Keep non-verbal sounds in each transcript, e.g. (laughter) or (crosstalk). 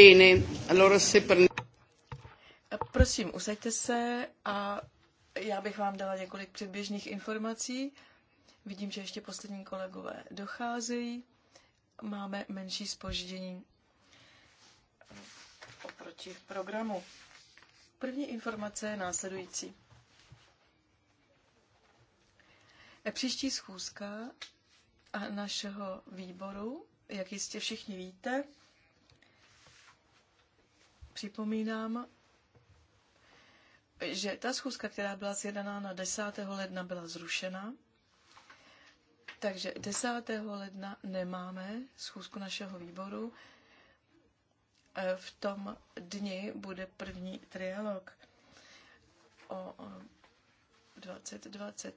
Bene, allora se per... Prosím, usaďte se a já bych vám dala několik předběžných informací. Vidím, že ještě poslední kolegové docházejí. Máme menší spoždění oproti programu. První informace je následující. Příští schůzka našeho výboru, jak jistě všichni víte, Připomínám, že ta schůzka, která byla zjednaná na 10. ledna, byla zrušena. Takže 10. ledna nemáme schůzku našeho výboru. V tom dni bude první trialog o 2020.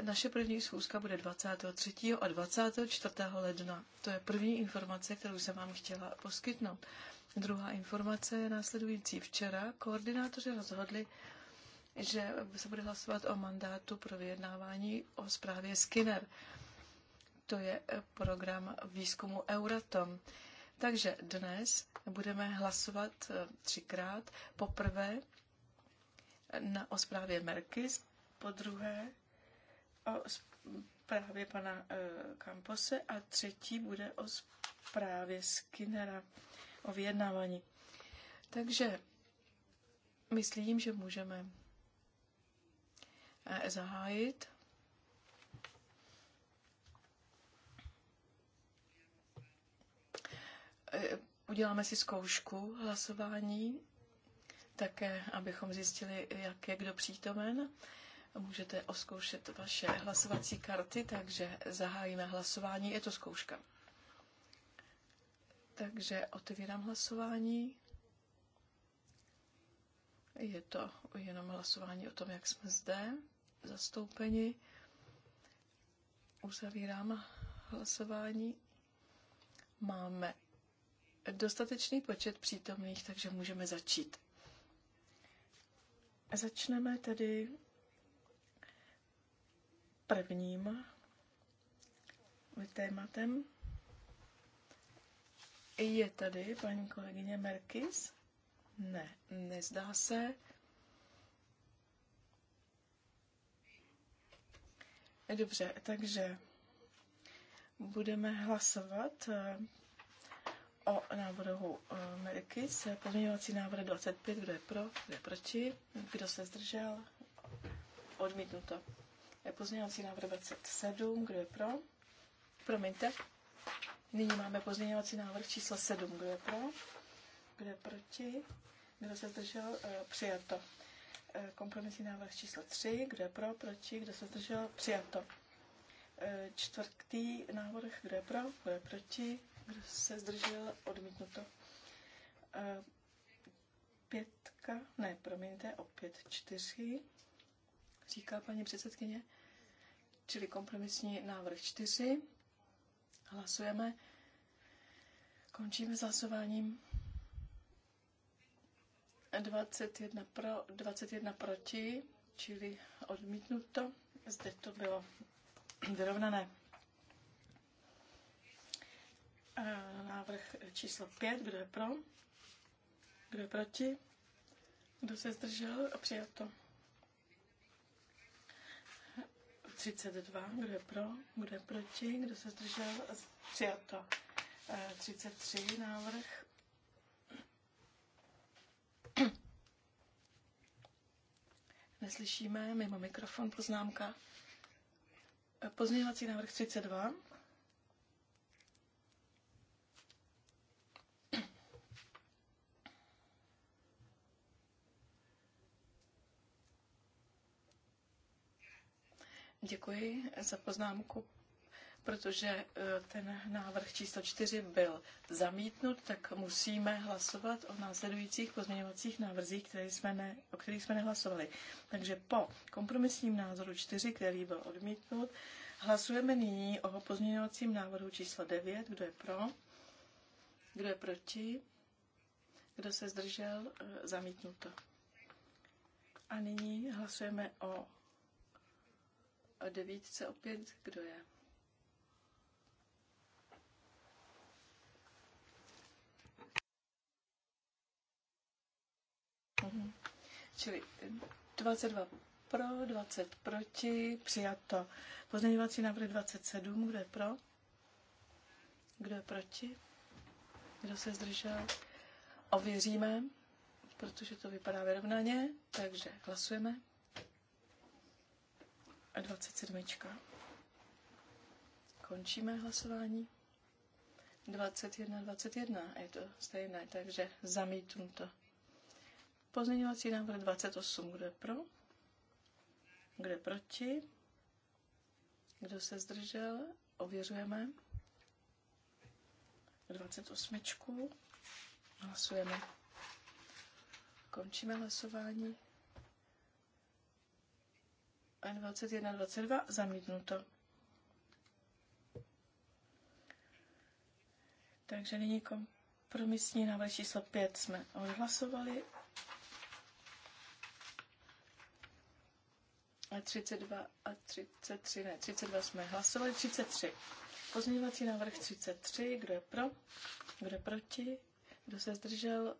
Naše první schůzka bude 23. a 24. ledna. To je první informace, kterou jsem vám chtěla poskytnout. Druhá informace je následující. Včera koordinátoři rozhodli, že se bude hlasovat o mandátu pro vyjednávání o zprávě Skinner. To je program výzkumu Euratom. Takže dnes budeme hlasovat eh, třikrát. Poprvé eh, na, o zprávě Merkis, po druhé o zprávě pana e, a třetí bude o zprávě Skinnera o vyjednávání. Takže myslím, že můžeme e zahájit. E, uděláme si zkoušku hlasování, také abychom zjistili, jak je kdo přítomen. Můžete oskoušet vaše hlasovací karty, takže zahájíme hlasování. Je to zkouška. Takže otevírám hlasování. Je to jenom hlasování o tom, jak jsme zde zastoupeni. Uzavírám hlasování. Máme dostatečný počet přítomných, takže můžeme začít. Začneme tedy prvním tématem. Je tady paní kolegyně Merkis? Ne, nezdá se. Dobře, takže budeme hlasovat eh, o návrhu eh, Merkis. pozměňovací návrh 25, kdo je pro, kdo je proti, kdo se zdržel, odmítnuto. Je pozměňovací návrh 27, kdo je pro, promiňte, Nyní máme pozměňovací návrh číslo 7. Kdo je pro? Kdo je proti? Kdo se zdržel? Eh, přijato. Eh, kompromisní návrh číslo 3. Kdo je pro? Proti? Kdo se zdržel? Přijato. Eh, čtvrtý návrh. Kdo je pro? Kdo je proti? Kdo se zdržel? Odmítnuto. Pětka, ne, promiňte, opět čtyři, říká paní předsedkyně, čili kompromisní návrh čtyři. Hlasujeme. Končíme s hlasováním. 21, pro, 21 proti, čili odmítnuto. Zde to bylo vyrovnané. Návrh číslo 5. Kdo je pro? Kdo je proti? Kdo se zdržel? A přijato. 32, kdo je pro, kdo je proti, kdo se zdržel, přijato. 33 eh, návrh. (clears throat) Neslyšíme mimo mikrofon poznámka. Eh, pozměňovací návrh 32. Děkuji za poznámku, protože e, ten návrh číslo 4 byl zamítnut, tak musíme hlasovat o následujících pozměňovacích návrzích, které jsme ne, o kterých jsme nehlasovali. Takže po kompromisním názoru 4, který byl odmítnut, hlasujeme nyní o pozměňovacím návrhu číslo 9. Kdo je pro? Kdo je proti? Kdo se zdržel? E, zamítnuto. A nyní hlasujeme o a devítce opět, kdo je? Čili 22 pro, 20 proti, přijato. Pozměňovací návrh 27, kdo je pro? Kdo je proti? Kdo se zdržel? Ověříme, protože to vypadá vyrovnaně, takže hlasujeme a 27. Končíme hlasování. 21, 21 je to stejné, takže zamítnu to. Pozměňovací návrh 28, kdo je pro? Kdo je proti? Kdo se zdržel? Ověřujeme. 28. Hlasujeme. Končíme hlasování. 21, 22 zamítnuto. Takže nyní kompromisní návrh číslo 5 jsme odhlasovali. A 32 a 33, ne, 32 jsme hlasovali, 33. Pozměňovací návrh 33, kdo je pro, kdo je proti, kdo se zdržel,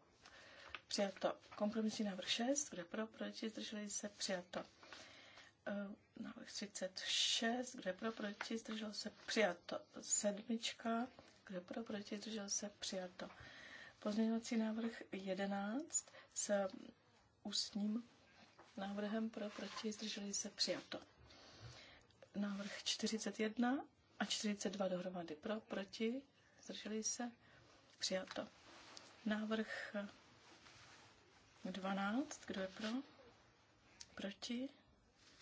přijato. Kompromisní návrh 6, kdo je pro, proti, zdrželi se, přijato. Eh, návrh 36, kde pro, proti, zdržel se, přijato. Sedmička, kde pro, proti, zdržel se, přijato. Pozměňovací návrh 11 s ústním návrhem pro, proti, zdrželi se, přijato. Návrh 41 a 42 dohromady pro, proti, zdrželi se, přijato. Návrh 12, kdo je pro? Proti?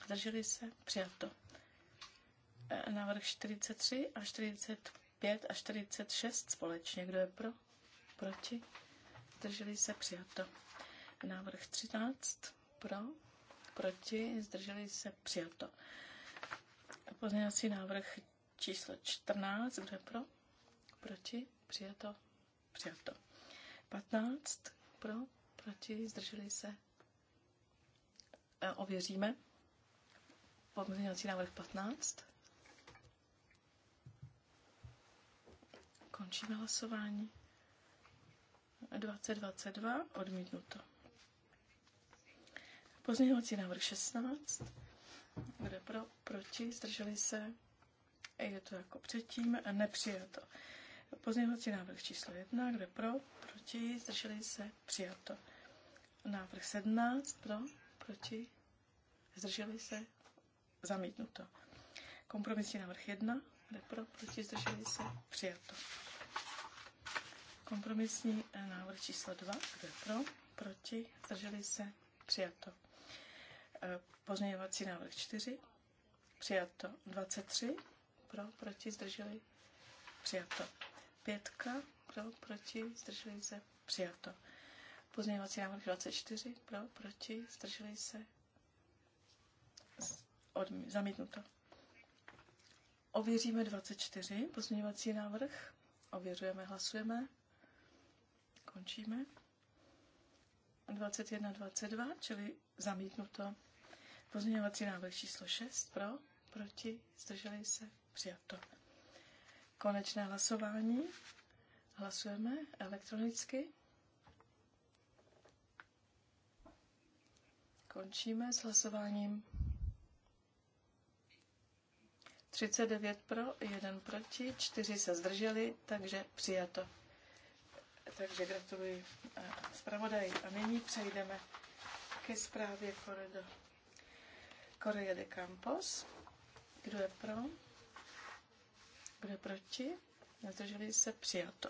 zdrželi se, přijato. E, návrh 43 a 45 a 46 společně. Kdo je pro? Proti? Zdrželi se, přijato. Návrh 13 pro, proti, zdrželi se, přijato. Pozměňovací návrh číslo 14, kdo je pro? Proti, přijato, přijato. 15 pro, proti, zdrželi se, e, ověříme. Pozměňovací návrh 15. Končíme hlasování. 2022 odmítnuto. Pozměňovací návrh 16. Kde pro, proti, zdrželi se. Je to jako předtím, a nepřijato. Pozměňovací návrh číslo 1. Kde pro, proti, zdrželi se, přijato. Návrh 17. Pro, proti, zdrželi se, Zamítnuto. Kompromisní návrh 1. Kde pro? Proti? Zdrželi se? Přijato. Kompromisní eh, návrh číslo 2. Kde pro? Proti? Zdrželi se? Přijato. Eh, pozměňovací návrh 4. Přijato. 23. Pro? Proti? Zdrželi? Přijato. Pětka. Pro? Proti? Zdrželi se? Přijato. Pozměňovací návrh 24. Pro? Proti? Zdrželi se? odm- zamítnuto. Ověříme 24, pozměňovací návrh. Ověřujeme, hlasujeme. Končíme. 21, 22, čili zamítnuto. Pozměňovací návrh číslo 6 pro, proti, zdrželi se, přijato. Konečné hlasování. Hlasujeme elektronicky. Končíme s hlasováním. 39 pro, 1 proti, 4 se zdrželi, takže přijato. Takže gratuluji eh, zpravodaji. A nyní přejdeme ke zprávě Koredo. Koreje de Campos. Kdo je pro? Kdo je proti? Nezdrželi se přijato.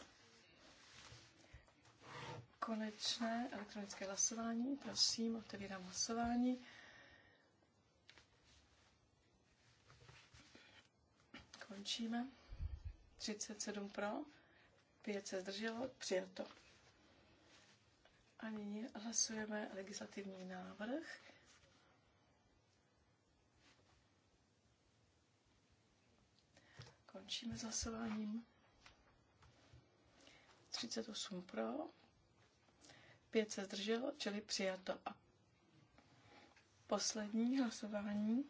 Konečné elektronické hlasování. Prosím, otevírám hlasování. Končíme. 37 pro, 5 se zdrželo, přijato. A nyní hlasujeme legislativní návrh. Končíme s hlasováním. 38 pro, 5 se zdrželo, čili přijato. A poslední hlasování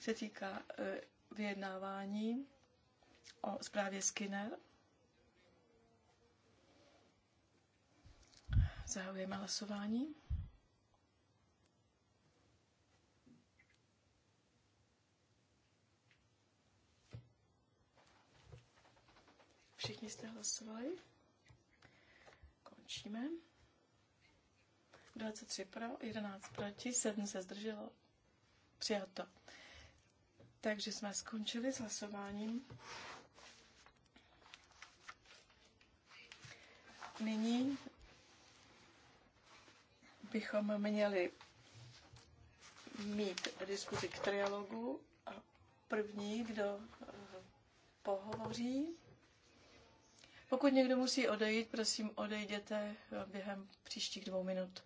se týká eh, vyjednávání o zprávě Skinner. Zahajujeme hlasování. Všichni jste hlasovali. Končíme. 23 pro, 11 proti, 7 se zdrželo. Přijato. Takže jsme skončili s hlasováním. Nyní bychom měli mít diskuzi k trialogu a první, kdo eh, pohovoří. Pokud někdo musí odejít, prosím, odejděte eh, během příštích dvou minut.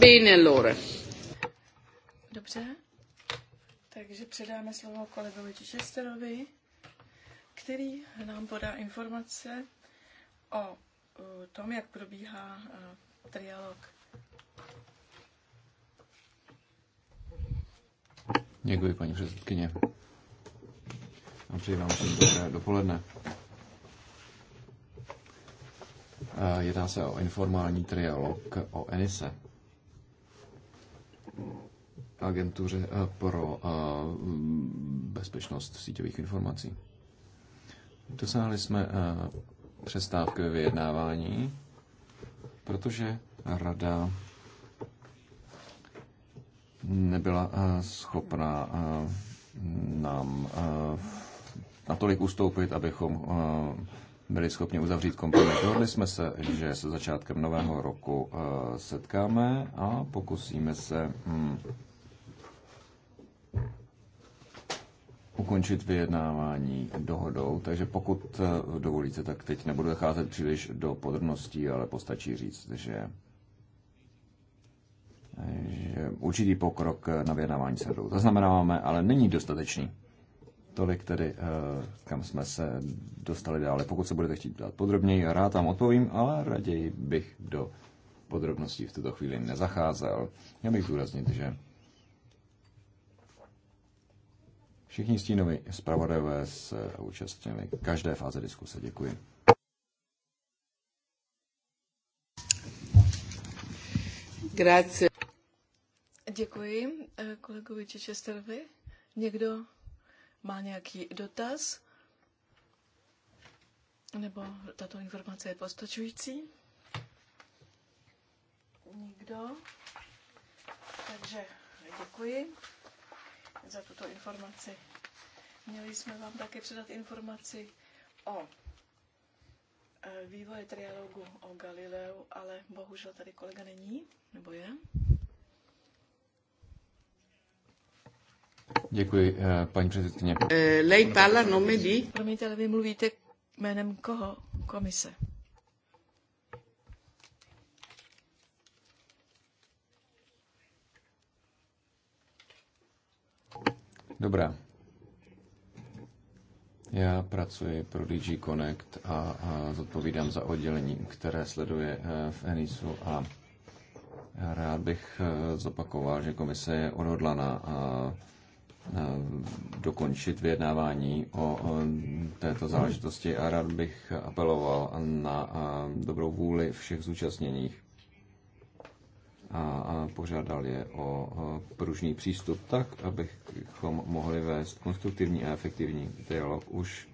bene allora. Dobře, takže předáme slovo kolegovi Česterovi, který nám podá informace o tom, jak probíhá e, trialog. Děkuji, paní předsedkyně. A přeji vám všem dobré dopoledne. E, jedná se o informální trialog o Enise agentuře eh, pro eh, bezpečnost síťových informací. Dosáhli jsme eh, přestávky ve vyjednávání, protože rada nebyla schopná nám natolik ustoupit, abychom byli schopni uzavřít kompromis. Dohodli jsme se, že se začátkem nového roku eh, setkáme a pokusíme se hmm, ukončit vyjednávání dohodou, takže pokud eh, dovolíte, tak teď nebudu cházet příliš do podrobností, ale postačí říct, že, že určitý pokrok na vyjednávání se zaznamenáváme, ale není dostatečný. Tolik tedy, eh, kam jsme se dostali dále. Pokud se budete chtít dát podrobněji, rád tam odpovím, ale raději bych do podrobností v tuto chvíli nezacházel. Já bych zúraznit, že všichni stínovi zpravodajové se účastnili každé fáze diskuse. Děkuji. Grazie. Děkuji eh, kolegovi Čečesterovi. Někdo má nějaký dotaz? Nebo tato informace je postačující? Nikdo? Takže děkuji za tuto informaci. Měli jsme vám také předat informaci o e, vývoje trialogu o Galileu, ale bohužel tady kolega není, nebo je? Děkuji, eh, paní předsedkyně. Eh, Lei parla nome di... Promiňte, ale vy mluvíte jménem koho? Komise. Dobrá. Já pracuji pro DG Connect a, a zodpovídám za oddělení, které sleduje eh, v ENISu a rád bych zopakoval, že komise je odhodlaná a Eh, dokončit vyjednávání o eh, této záležitosti a rád bych apeloval na eh, dobrou vůli všech zúčastněných a požádal je o pružný přístup tak, abychom mohli vést konstruktivní a efektivní dialog už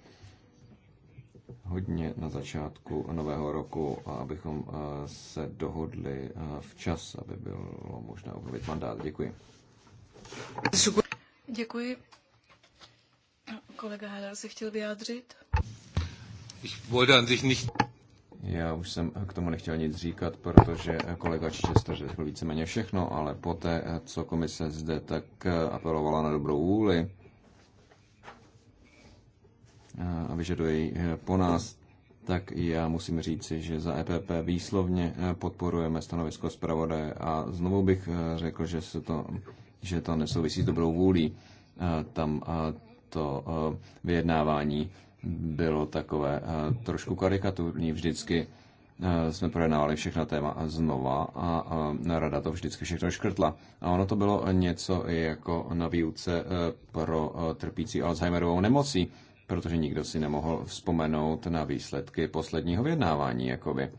hodně na začátku nového roku a abychom se dohodli včas, aby bylo možné obnovit mandát. Děkuji. Děkuji. Kolega Heller se chtěl vyjádřit. Ich wollte an sich nicht... Já už jsem k tomu nechtěl nic říkat, protože kolega Chichester řekl víceméně všechno, ale poté, co komise zde tak apelovala na dobrou vůli a vyžaduje po nás, tak já musím říci, že za EPP výslovně podporujeme stanovisko zpravodaje a znovu bych řekl, že se to že to nesouvisí s dobrou vůlí. Eh, tam eh, to eh, vyjednávání bylo takové trošku karikaturní vždycky. Jsme projednávali všechna téma znova a rada to vždycky všechno škrtla. A ono to bylo něco jako na výuce pro trpící Alzheimerovou nemocí, protože nikdo si nemohl vzpomenout na výsledky posledního vyjednávání, jakoby.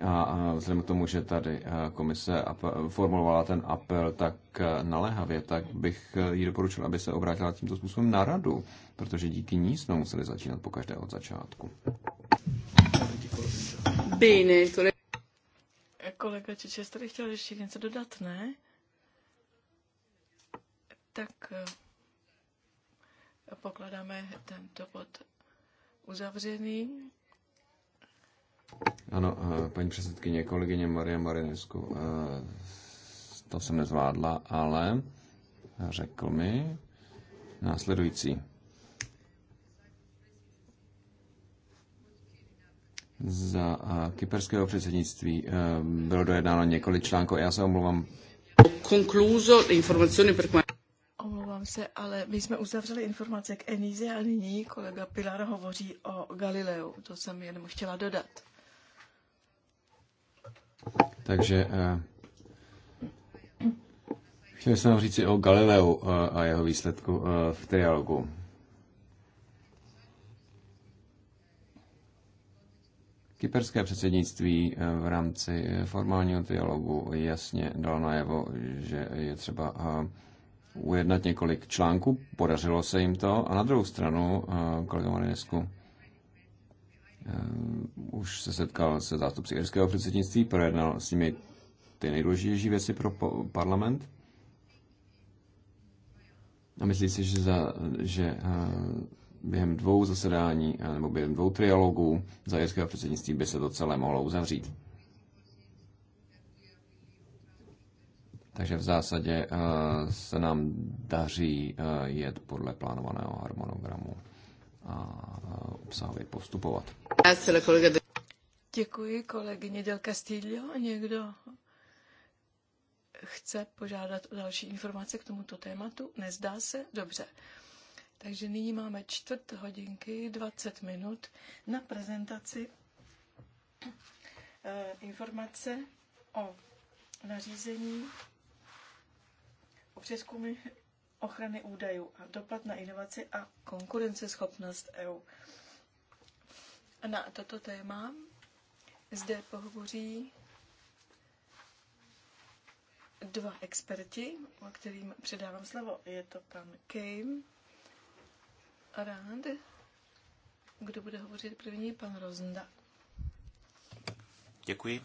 A vzhledem k tomu, že tady komise formulovala ten apel tak naléhavě, tak bych jí doporučil, aby se obrátila tímto způsobem na radu, protože díky ní jsme museli začínat po každé od začátku. Bene, to Kolega Čečes tady chtěl ještě něco dodat, ne? Tak e, pokladáme tento bod uzavřený. Ano, eh, paní předsedkyně, kolegyně Maria Marinesku, eh, to jsem nezvládla, ale řekl mi následující. Za eh, kyperského předsednictví bylo dojednáno několik článků, já se omluvám. Concluso informazioni per Omlouvám se, ale my jsme uzavřeli informace k Enize a nyní kolega Pilar hovoří o Galileu. To jsem jenom chtěla dodat. Takže eh, chtěl jsem říct si o Galileu eh, a jeho výsledku eh, v trialogu. Kyperské předsednictví v rámci formálního dialogu jasně dalo najevo, že je třeba ujednat několik článků. Podařilo se jim to. A na druhou stranu, kolega Marinesku, Eh, už se setkal se zástupci irského předsednictví, projednal s nimi ty nejdůležitější věci pro parlament. A myslí si, že, za, že eh, během dvou zasedání eh, nebo během dvou trialogů za irského předsednictví by se to celé mohlo uzavřít. Takže v zásadě se nám daří jet podle plánovaného harmonogramu a obsahově postupovat. Děkuji kolegyně Del Castillo. Někdo chce požádat o další informace k tomuto tématu? Nezdá se? Dobře. Takže nyní máme čtvrt hodinky, 20 minut na prezentaci eh, informace o nařízení o přeskumy ochrany údajů a dopad na inovaci a konkurenceschopnost EU. Na toto téma zde pohovoří dva experti, o kterým předávám slovo. Je to pan Kejm Rand. Kdo bude hovořit první? Pan Rozenda. Děkuji.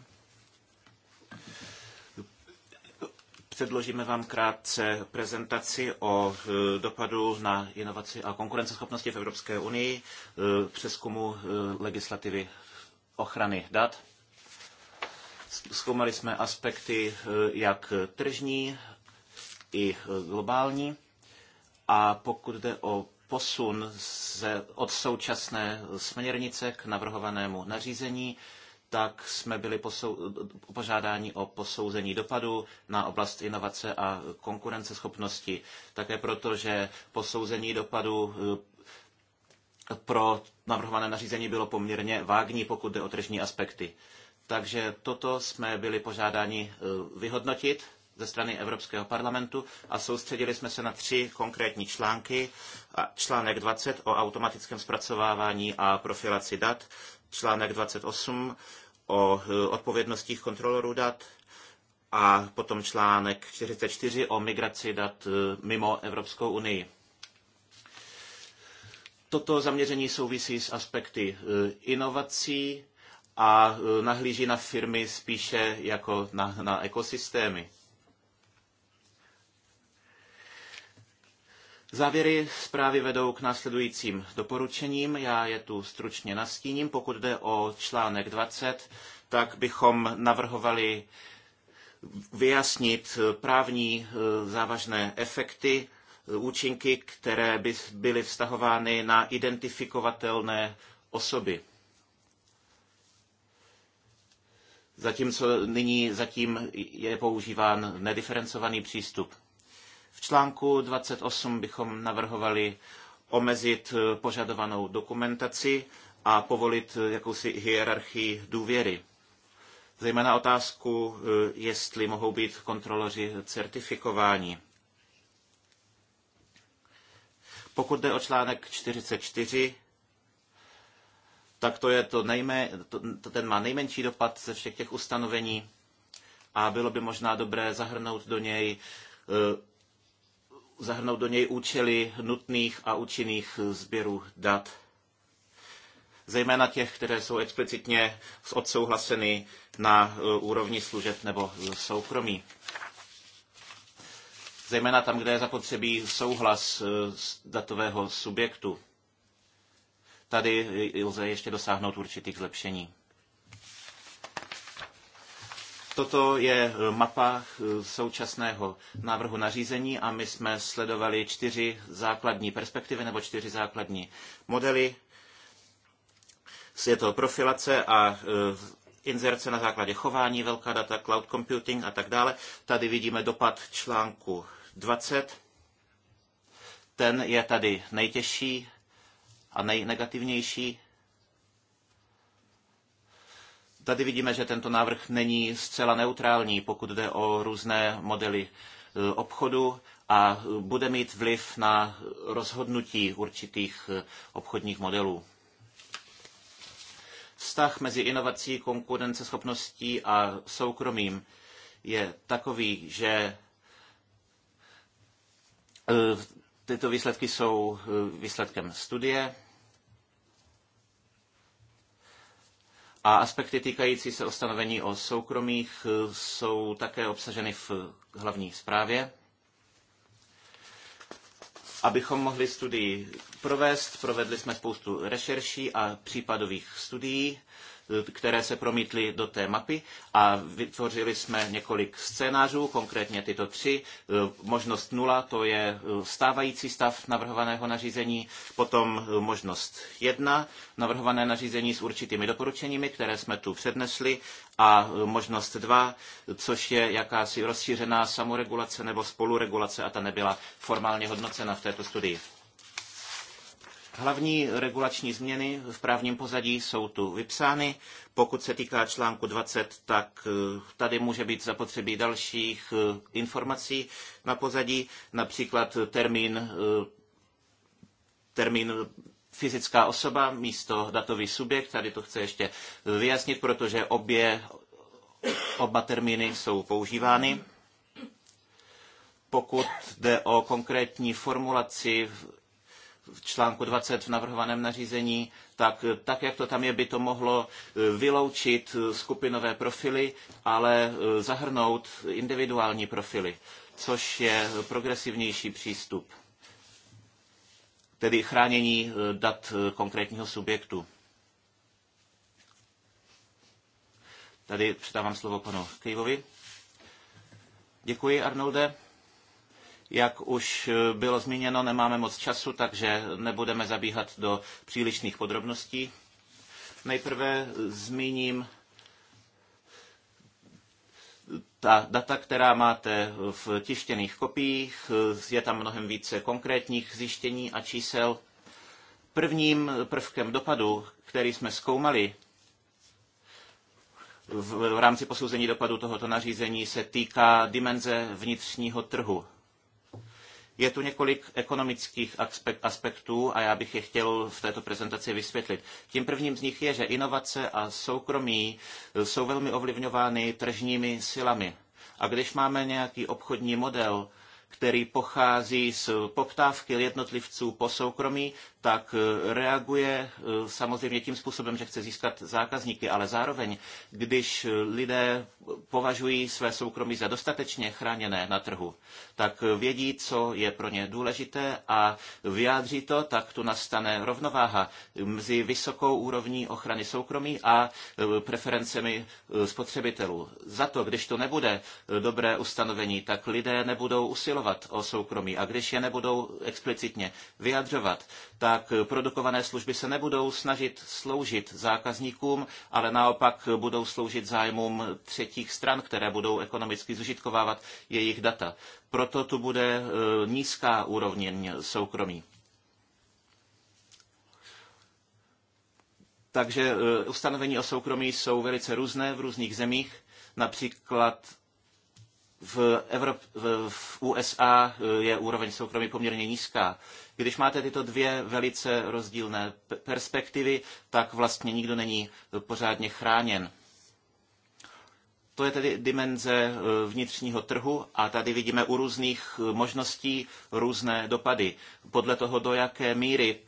Předložíme vám krátce prezentaci o e, dopadu na inovaci a konkurenceschopnosti v Evropské unii, e, přeskumu e, legislativy ochrany dat. Zkoumali jsme aspekty jak tržní, i globální. A pokud jde o posun ze, od současné směrnice k navrhovanému nařízení, tak jsme byli posou, požádáni o posouzení dopadu na oblast inovace a konkurenceschopnosti. Také proto, že posouzení dopadu eh, pro navrhované nařízení bylo poměrně vágní, pokud jde o tržní aspekty. Takže toto jsme byli požádáni eh, vyhodnotit ze strany Evropského parlamentu a soustředili jsme se na tři konkrétní články. Článek 20 o automatickém zpracovávání a profilaci dat, článek 28 o e, odpovědnostích kontrolorů dat a potom článek 44 o migraci dat e, mimo Evropskou unii. Toto zaměření souvisí s aspekty e, inovací a nahlíží na firmy spíše jako na, na ekosystémy. Závěry zprávy vedou k následujícím doporučením. Já je tu stručně nastíním. Pokud jde o článek 20, tak bychom navrhovali vyjasnit právní e, závažné efekty, e, účinky, které by byly vztahovány na identifikovatelné osoby. Zatímco nyní zatím je používán nediferencovaný přístup. V článku 28 bychom navrhovali omezit eh, požadovanou dokumentaci a povolit eh, jakousi hierarchii důvěry. Zejména otázku, eh, jestli mohou být kontroloři certifikováni. Pokud jde o článek 44, tak to je to, nejmé, to ten má nejmenší dopad ze všech těch ustanovení a bylo by možná dobré zahrnout do něj zahrnout do něj účely nutných a účinných sběrů dat, zejména těch, které jsou explicitně odsouhlaseny na eh, úrovni služeb nebo soukromí. Zejména tam, kde je zapotřebí souhlas eh, datového subjektu. Tady eh, lze ještě dosáhnout určitých zlepšení. Toto je eh, mapa eh, současného návrhu nařízení a my jsme sledovali čtyři základní perspektivy nebo čtyři základní modely. Je to profilace a eh, inzerce na základě chování, velká data, cloud computing a tak dále. Tady vidíme dopad článku 20. Ten je tady nejtěžší a nejnegativnější. Tady vidíme, že tento návrh není zcela neutrální, pokud jde o různé modely e, obchodu a e, bude mít vliv na rozhodnutí určitých e, obchodních modelů. Vztah mezi inovací, konkurenceschopností a soukromím je takový, že tyto výsledky jsou výsledkem studie A aspekty týkající se ustanovení o soukromých eh, jsou také obsaženy v hlavní zprávě. Abychom mohli studii provést, provedli jsme spoustu rešerší a případových studií které se promítly do té mapy a vytvořili jsme několik scénářů, konkrétně tyto tři. Eh, možnost nula, to je eh, stávající stav navrhovaného nařízení, potom eh, možnost jedna, navrhované nařízení s určitými doporučeními, které jsme tu přednesli, a možnost dva, což je jakási rozšířená samoregulace nebo spoluregulace a ta nebyla formálně hodnocena v této studii. Hlavní regulační změny v právním pozadí jsou tu vypsány. Pokud se týká článku 20, tak eh, tady může být zapotřebí dalších eh, informací na pozadí, například termín, eh, termín fyzická osoba místo datový subjekt. Tady to chci ještě vyjasnit, protože obě, oba termíny jsou používány. Pokud jde o konkrétní formulaci v článku 20 v navrhovaném nařízení, tak, tak jak to tam je, by to mohlo e, vyloučit e, skupinové profily, ale e, zahrnout individuální profily, což je progresivnější přístup, tedy chránění dat konkrétního subjektu. Tady předávám slovo panu Kejvovi. Děkuji, Arnolde. Jak už eh, bylo zmíněno, nemáme moc času, takže nebudeme zabíhat do přílišných podrobností. Nejprve zmíním eh, ta data, která máte v tištěných kopiích, eh, je tam mnohem více konkrétních zjištění a čísel. Prvním prvkem dopadu, který jsme zkoumali v rámci posouzení dopadu tohoto nařízení, se týká dimenze vnitřního trhu je tu několik ekonomických aspektů a já bych je chtěl v této prezentaci vysvětlit. Tím prvním z nich je, že inovace a soukromí eh, jsou velmi ovlivňovány tržními silami. A když máme nějaký obchodní model, který pochází z poptávky jednotlivců po soukromí, tak eh, reaguje eh, samozřejmě tím způsobem, že chce získat zákazníky, ale zároveň, když eh, lidé považují své soukromí za dostatečně chráněné na trhu, tak vědí, co je pro ně důležité a vyjádří to, tak tu nastane rovnováha mezi vysokou úrovní ochrany soukromí a preferencemi spotřebitelů. Za to, když to nebude dobré ustanovení, tak lidé nebudou usilovat deklarovat o soukromí a když je nebudou explicitně vyjadřovat, tak produkované služby se nebudou snažit sloužit zákazníkům, ale naopak budou sloužit zájmům třetích stran, které budou ekonomicky zužitkovávat jejich data. Proto tu bude e, nízká úroveň soukromí. Takže e, ustanovení o soukromí jsou velice různé v různých zemích. Například v, Evrop, v USA eh, je úroveň soukromí poměrně nízká. Když máte tyto dvě velice rozdílné perspektivy, tak vlastně nikdo není pořádně chráněn. To je tedy dimenze eh, vnitřního trhu a tady vidíme u různých eh, možností různé dopady. Podle toho, do jaké míry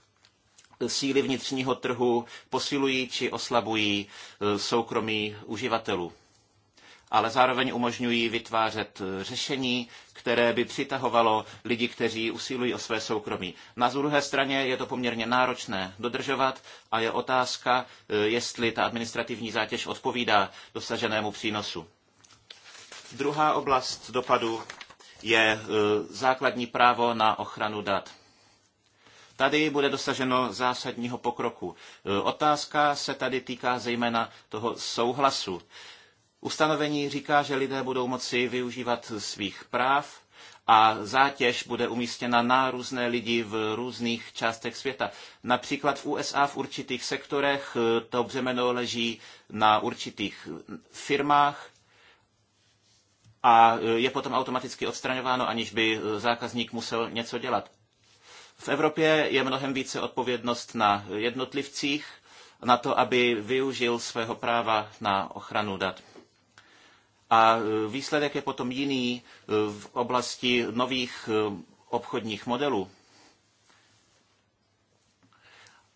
síly vnitřního trhu posilují či oslabují soukromí uživatelů ale zároveň umožňují vytvářet eh, řešení, které by přitahovalo lidi, kteří usilují o své soukromí. Na druhé straně je to poměrně náročné dodržovat a je otázka, eh, jestli ta administrativní zátěž odpovídá dosaženému přínosu. Druhá oblast dopadu je eh, základní právo na ochranu dat. Tady bude dosaženo zásadního pokroku. Otázka se tady týká zejména toho souhlasu. Ustanovení říká, že lidé budou moci využívat svých práv a zátěž bude umístěna na různé lidi v různých částech světa. Například v USA v určitých sektorech eh, to břemeno leží na určitých firmách a eh, je potom automaticky odstraňováno, aniž by eh, zákazník musel něco dělat. V Evropě je mnohem více odpovědnost na jednotlivcích, na to, aby využil svého práva na ochranu dat a e, výsledek je potom jiný e, v oblasti nových e, obchodních modelů.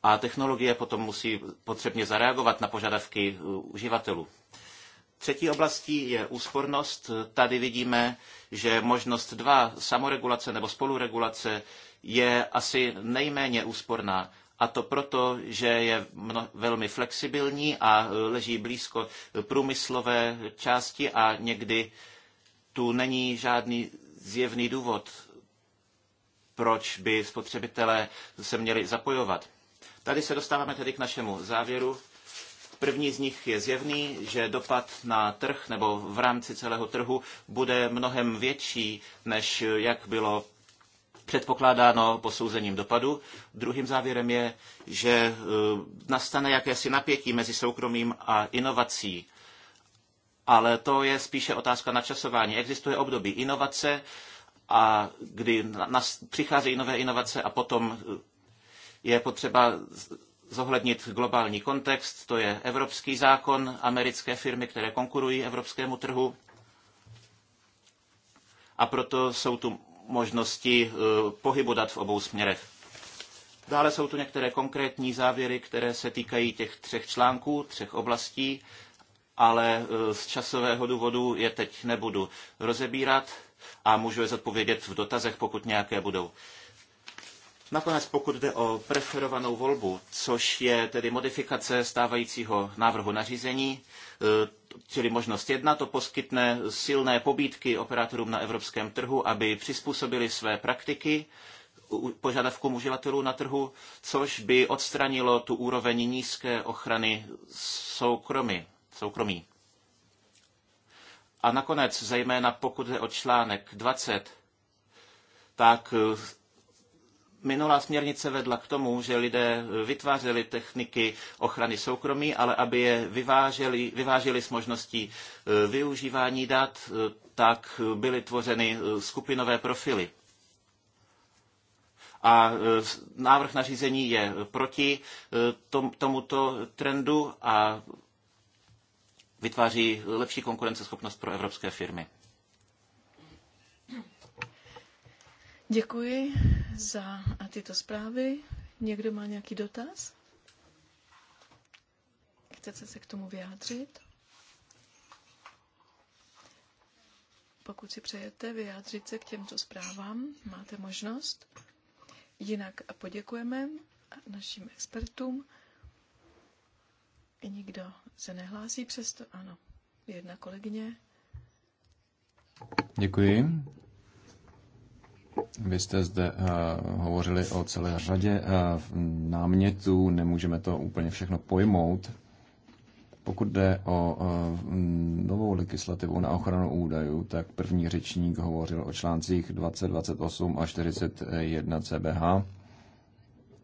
A technologie potom musí potřebně zareagovat na požadavky uživatelů. Třetí oblastí je úspornost. Tady vidíme, že možnost 2 samoregulace nebo spoluregulace je asi nejméně úsporná a to proto, že je velmi flexibilní a e, leží blízko průmyslové části a někdy tu není žádný zjevný důvod, proč by spotřebitelé se měli zapojovat. Tady se dostáváme tedy k našemu závěru. První z nich je zjevný, že dopad na trh nebo v rámci celého trhu bude mnohem větší, než jak bylo předpokládáno posouzením dopadu. Druhým závěrem je, že e, nastane jakési napětí mezi soukromým a inovací. Ale to je spíše otázka načasování. Existuje období inovace, a kdy nás přicházejí nové inovace a potom e, je potřeba zohlednit globální kontext, to je evropský zákon, americké firmy, které konkurují evropskému trhu. A proto jsou tu možnosti eh, pohybu dat v obou směrech. Dále jsou tu některé konkrétní závěry, které se týkají těch třech článků, třech oblastí, ale eh, z časového důvodu je teď nebudu rozebírat a můžu je zodpovědět v dotazech, pokud nějaké budou. Nakonec pokud jde o preferovanou volbu, což je tedy modifikace stávajícího návrhu nařízení, e, čili možnost jedna, to poskytne silné pobídky operátorům na evropském trhu, aby přizpůsobili své praktiky požadavkům uživatelů na trhu, což by odstranilo tu úroveň nízké ochrany soukromí. soukromí. A nakonec, zejména pokud jde o článek 20, tak Minulá směrnice vedla k tomu, že lidé vytvářeli techniky ochrany soukromí, ale aby je vyváželi, vyváželi s možností e, využívání dat, e, tak byly tvořeny e, skupinové profily. A návrh nařízení je proti tomuto trendu a vytváří lepší konkurenceschopnost pro evropské firmy. Děkuji za tyto zprávy. Někdo má nějaký dotaz? Chcete se k tomu vyjádřit? Pokud si přejete vyjádřit se k těmto zprávám, máte možnost. Jinak poděkujeme našim expertům. Nikdo se nehlásí přesto? Ano, jedna kolegyně. Děkuji. Vy jste zde uh, hovořili o celé řadě uh, námětů, nemůžeme to úplně všechno pojmout. Pokud jde o uh, novou legislativu na ochranu údajů, tak první řečník hovořil o článcích 20, 28 a 41 CBH.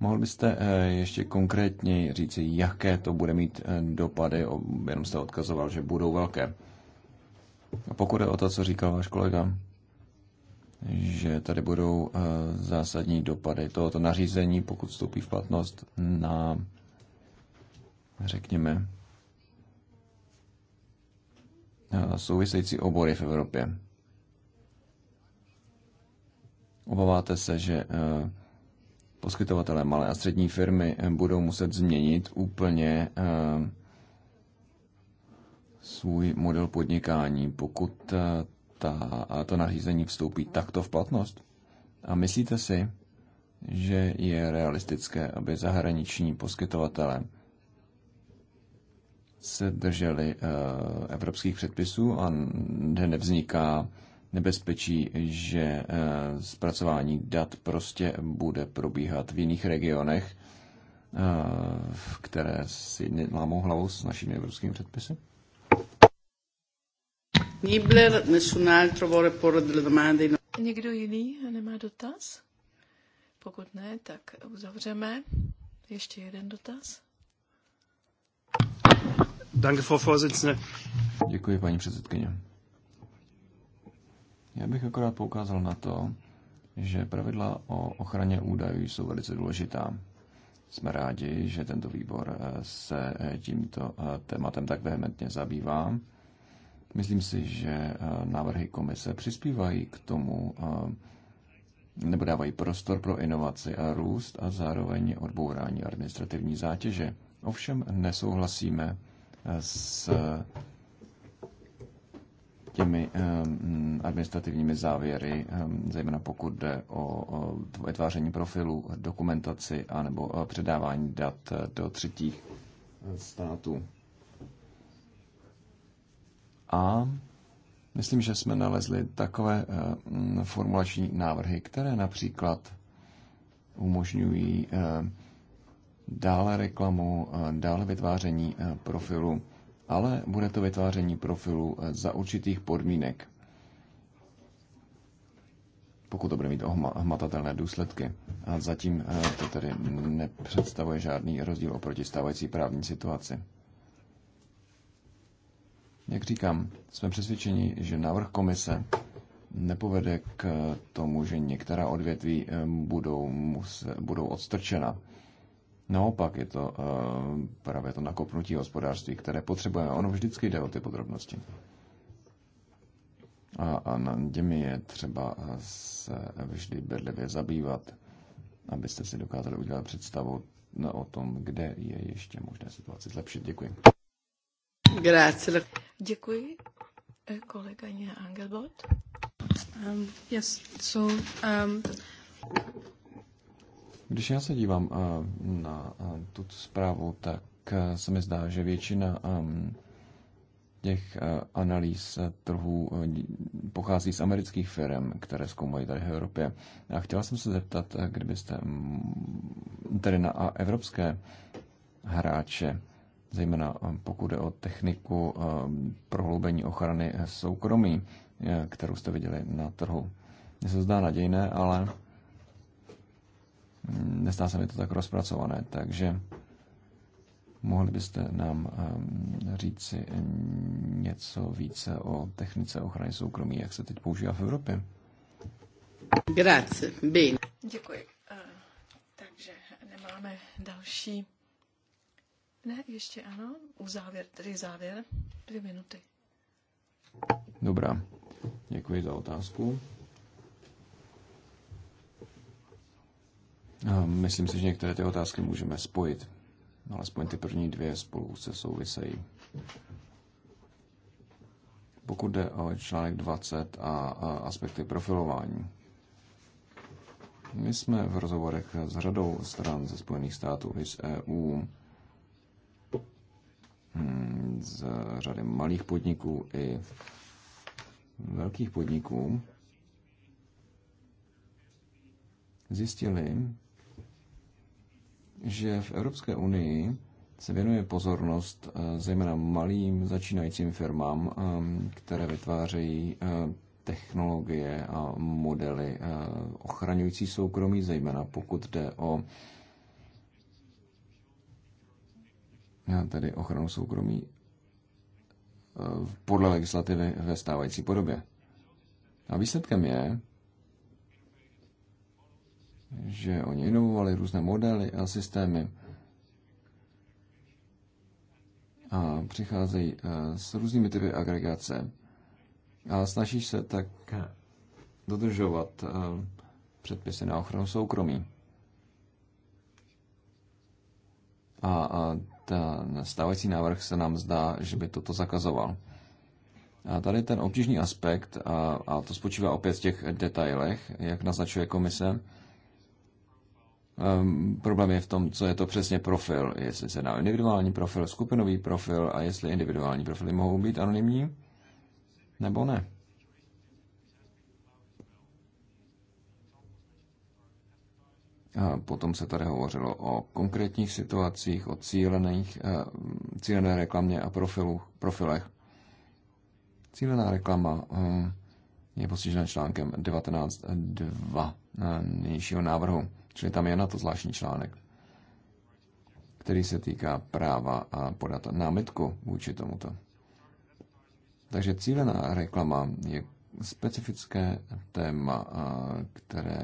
Mohl byste ještě konkrétně říci, jaké to bude mít dopady? Jenom jste odkazoval, že budou velké. A pokud je o to, co říkal váš kolega, že tady budou eh, zásadní dopady tohoto nařízení, pokud vstoupí v platnost na, řekněme, eh, související obory v Evropě. Obáváte se, že eh, poskytovatelé malé a střední firmy budou muset změnit úplně svůj model podnikání, pokud ta, to nařízení vstoupí takto v platnost? A myslíte si, že je realistické, aby zahraniční poskytovatele se drželi eh, evropských předpisů a kde nevzniká nebezpečí, že eh, zpracování dat prostě bude probíhat v jiných regionech, eh, které si lámou hlavou s našimi evropskými předpisy? Nibler, nessun altro vuole porre delle domande. Někdo jiný nemá dotaz? Pokud ne, tak uzavřeme. Ještě jeden dotaz. Danke, Frau Vorsitzende. Děkuji, paní předsedkyně. Já bych akorát poukázal na to, že pravidla o ochraně údajů jsou velice důležitá. Jsme rádi, že tento výbor eh, se eh, tímto eh, tématem tak vehementně zabývá Myslím si, že eh, návrhy komise přispívají k tomu, eh, nebo dávají prostor pro inovaci a růst a zároveň odbourání administrativní zátěže. Ovšem nesouhlasíme eh, s těmi administrativními závěry, zejména pokud jde o vytváření profilů, dokumentaci anebo předávání dat do třetích států. A myslím, že jsme nalezli takové eh, mm, formulační návrhy, které například umožňují eh, dále reklamu, eh, dále vytváření profilu, ale bude to vytváření profilu za určitých podmínek, pokud to bude mít hmatatelné důsledky. A zatím to tedy nepředstavuje žádný rozdíl oproti stávající právní situaci. Jak říkám, jsme přesvědčeni, že návrh komise nepovede k tomu, že některá odvětví eh, budou, muse, budou odstrčena. Naopak je to eh, právě to nakopnutí hospodářství, které potřebujeme. Ono vždycky jde o ty podrobnosti. A, a na těmi je třeba eh, se vždy bedlivě zabývat, abyste si dokázali udělat představu no, o tom, kde je ještě možné situaci zlepšit. Děkuji. Grazie. Děkuji. Eh, kolegyně Angelbot. Um, yes, so, um... Když já se dívám eh, na eh, tuto zprávu, tak se mi zdá, že většina ehm, těch analýz trhů pochází z amerických firm, které zkoumají tady v Evropě. A chtěla jsem se zeptat, kdybyste tedy na evropské hráče, zejména eh, pokud jde o techniku eh, prohloubení ochrany eh, soukromí, kterou jste viděli na trhu. Mně se zdá nadějné, ale mm, nezdá se mi to tak rozpracované, takže mohli byste nám říci něco více o technice ochrany soukromí, jak se teď používá v Evropě? Grazie, Děkuji. Takže nemáme další ne, ještě ano. Uzávěr, tedy závěr. Dvě minuty. Dobrá. Děkuji za otázku. A myslím si, že některé ty otázky můžeme spojit. Alespoň ty první dvě spolu se souvisejí. Pokud jde o článek 20 a, a aspekty profilování, my jsme v rozhovorech s řadou stran ze Spojených států i z EU Hmm, z řady malých podniků i velkých podniků, zjistili, že v Evropské unii se věnuje pozornost eh, zejména malým začínajícím firmám, ehm, které vytvářejí eh, technologie a modely eh, ochraňující soukromí, zejména pokud jde o tedy ochranu soukromí eh, podle legislativy ve stávající podobě. A výsledkem je, že oni inovovali různé modely a systémy a přicházejí eh, s různými typy agregace a snaží se tak dodržovat eh, předpisy na ochranu soukromí. A, a ten stávající návrh se nám zdá, že by toto zakazoval. A tady ten obtížný aspekt, a, a to spočívá opět v těch detailech, jak naznačuje komise, Um, problém je v tom, co je to přesně profil, jestli se dá individuální profil, skupinový profil a jestli individuální profily mohou být anonymní nebo ne. potom se tady hovořilo o konkrétních situacích, o cílených, eh, cílené reklamě a profilu, profilech. Cílená reklama eh, je postižena článkem 19.2 eh, nynějšího návrhu, čili tam je na to zvláštní článek, který se týká práva a podat námitku vůči tomuto. Takže cílená reklama je specifické téma, které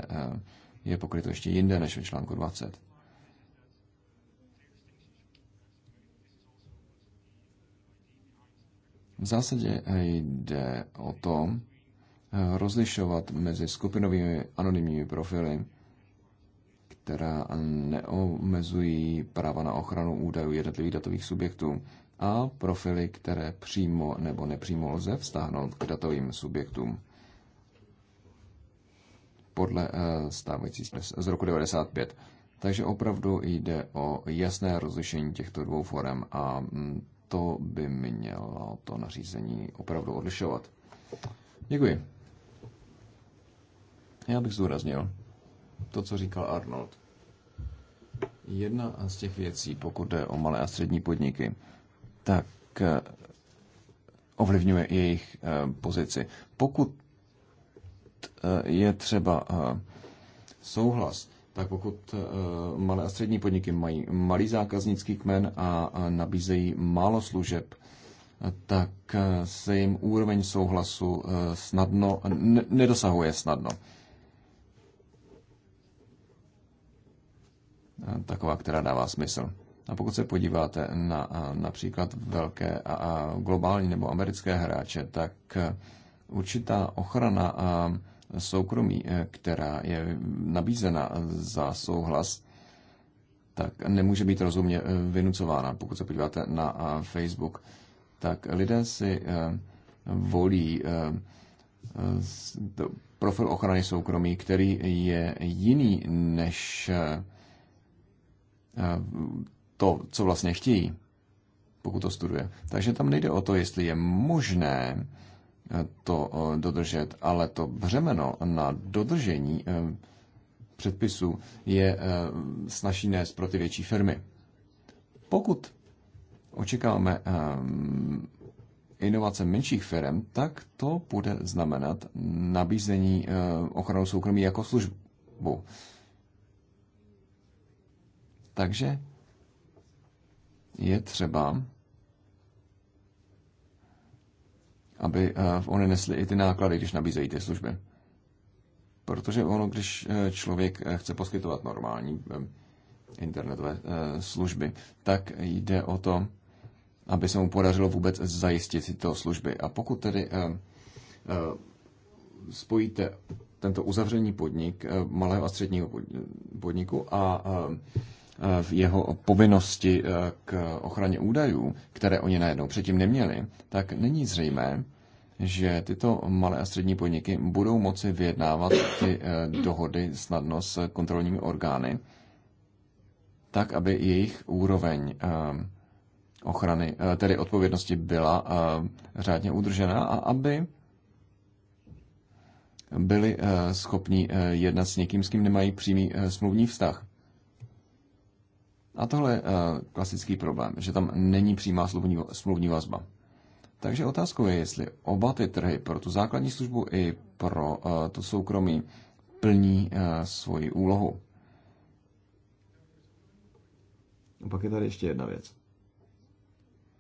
je pokryto ještě jinde než ve článku 20. V zásadě jde o to eh, rozlišovat mezi skupinovými anonymními profily, která neomezují práva na ochranu údajů jednotlivých datových subjektů a profily, které přímo nebo nepřímo lze vztáhnout k datovým subjektům podle eh, stávající z roku 95. Takže opravdu jde o jasné rozlišení těchto dvou forem a mm, to by mělo to nařízení opravdu odlišovat. Děkuji. Já bych zdůraznil to, co říkal Arnold. Jedna z těch věcí, pokud jde o malé a střední podniky, tak eh, ovlivňuje jejich eh, pozici. Pokud Eh, je třeba eh, souhlas, tak pokud eh, malé a střední podniky mají malý zákaznický kmen a nabízejí málo služeb, tak se jim úroveň souhlasu snadno, nedosahuje snadno. Taková, která dává smysl. A pokud se podíváte na například velké a, globální nebo americké hráče, tak určitá ochrana a, soukromí, eh, která je nabízena za souhlas, tak nemůže být rozumně eh, vynucována. Pokud se podíváte na eh, Facebook, tak lidé si volí profil ochrany soukromí, který je jiný než to, co vlastně chtějí, pokud to studuje. Takže tam nejde o to, jestli je možné to eh, dodržet, ale to břemeno na dodržení eh, předpisů je eh, snažší nést pro ty větší firmy. Pokud očekáváme inovace menších firm, tak to bude znamenat nabízení ochranu soukromí jako službu. Takže je třeba aby eh, oni nesli i ty náklady, když nabízejí ty služby. Protože ono, když eh, člověk eh, chce poskytovat normální internetové služby, tak jde o to, aby se mu podařilo vůbec zajistit tyto služby. A pokud tedy spojíte tento uzavřený podnik malého a středního podniku a v jeho povinnosti eh, k ochraně údajů, které oni najednou předtím neměli, tak není zřejmé, že tyto malé a střední podniky budou moci vyjednávat ty eh, dohody snadno s kontrolními orgány, tak, aby jejich úroveň eh, ochrany, tedy odpovědnosti byla řádně udržená a aby byli schopni jednat s někým, s kým nemají přímý smluvní vztah. A tohle je eh, klasický problém, že tam není přímá smluvní, smluvní vazba. Takže otázkou je, jestli oba ty trhy pro tu základní službu i pro eh, to soukromí plní eh, svoji úlohu. A pak je tady ještě jedna věc,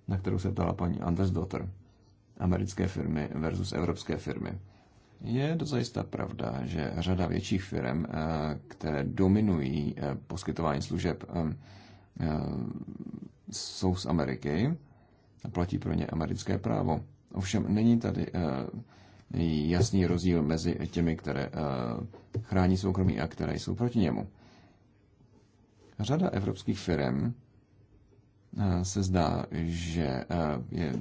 na kterou se ptala paní Dotter. Americké firmy versus evropské firmy. Je to zajistá pravda, že řada větších firm, které dominují poskytování služeb, Eh, jsou z Ameriky a platí pro ně americké právo. Ovšem není tady eh, jasný rozdíl mezi těmi, které eh, chrání soukromí a které jsou proti němu. Řada evropských firm se zdá, že je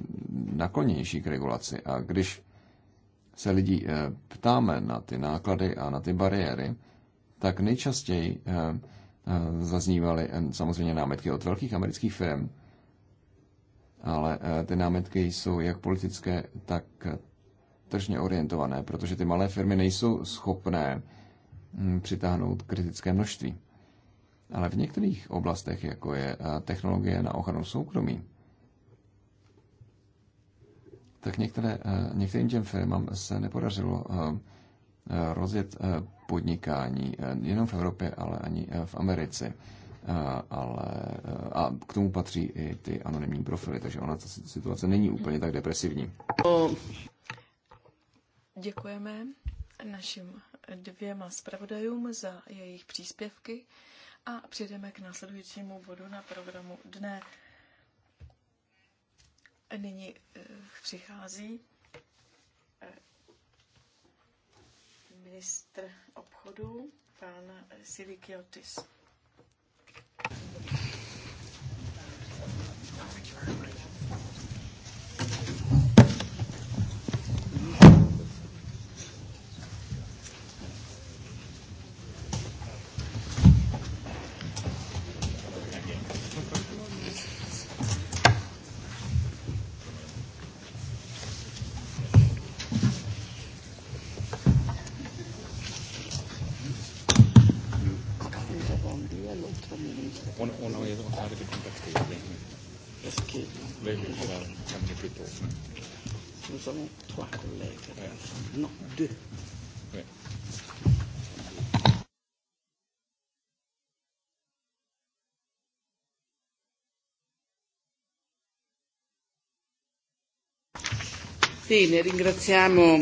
naklonější k regulaci a když se lidí ptáme na ty náklady a na ty bariéry, tak nejčastěji zaznívaly eh, samozřejmě námetky od velkých amerických firm, ale eh, ty námetky jsou jak politické, tak eh, tržně orientované, protože ty malé firmy nejsou schopné hm, přitáhnout kritické množství. Ale v některých oblastech, jako je technologie na ochranu soukromí, tak některé, některým těm firmám se nepodařilo rozjet podnikání, eh, jenom v Evropě, ale ani eh, v Americe. Eh, ale, a k tomu patří i ty anonymní profily, takže ona ta situace není úplně tak depresivní. Děkujeme našim dvěma zpravodajům za jejich příspěvky a přejdeme k následujícímu bodu na programu dne. Nyní přichází ministr obchodu, pan Silikiotis. Thank you very much. Bene, ringraziamo.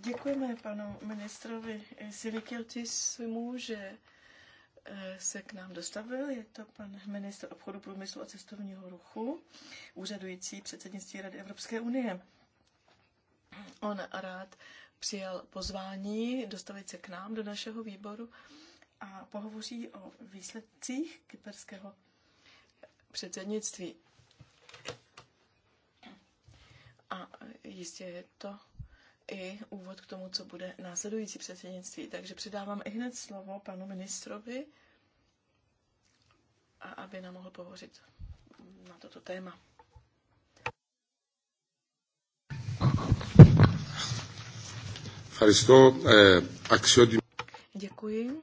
Děkujeme panu ministrovi Silikiotismu, že eh, se k nám dostavil. Je to pan ministr obchodu, průmyslu a cestovního ruchu, úřadující předsednictví Rady Evropské unie. On rád přijal pozvání dostavit se k nám do našeho výboru a pohovoří o výsledcích kyperského předsednictví. A jistě je to i úvod k tomu, co bude následující předsednictví. Takže předávám i hned slovo panu ministrovi, a aby nám mohl pohořit na toto téma. Eh, Děkuji,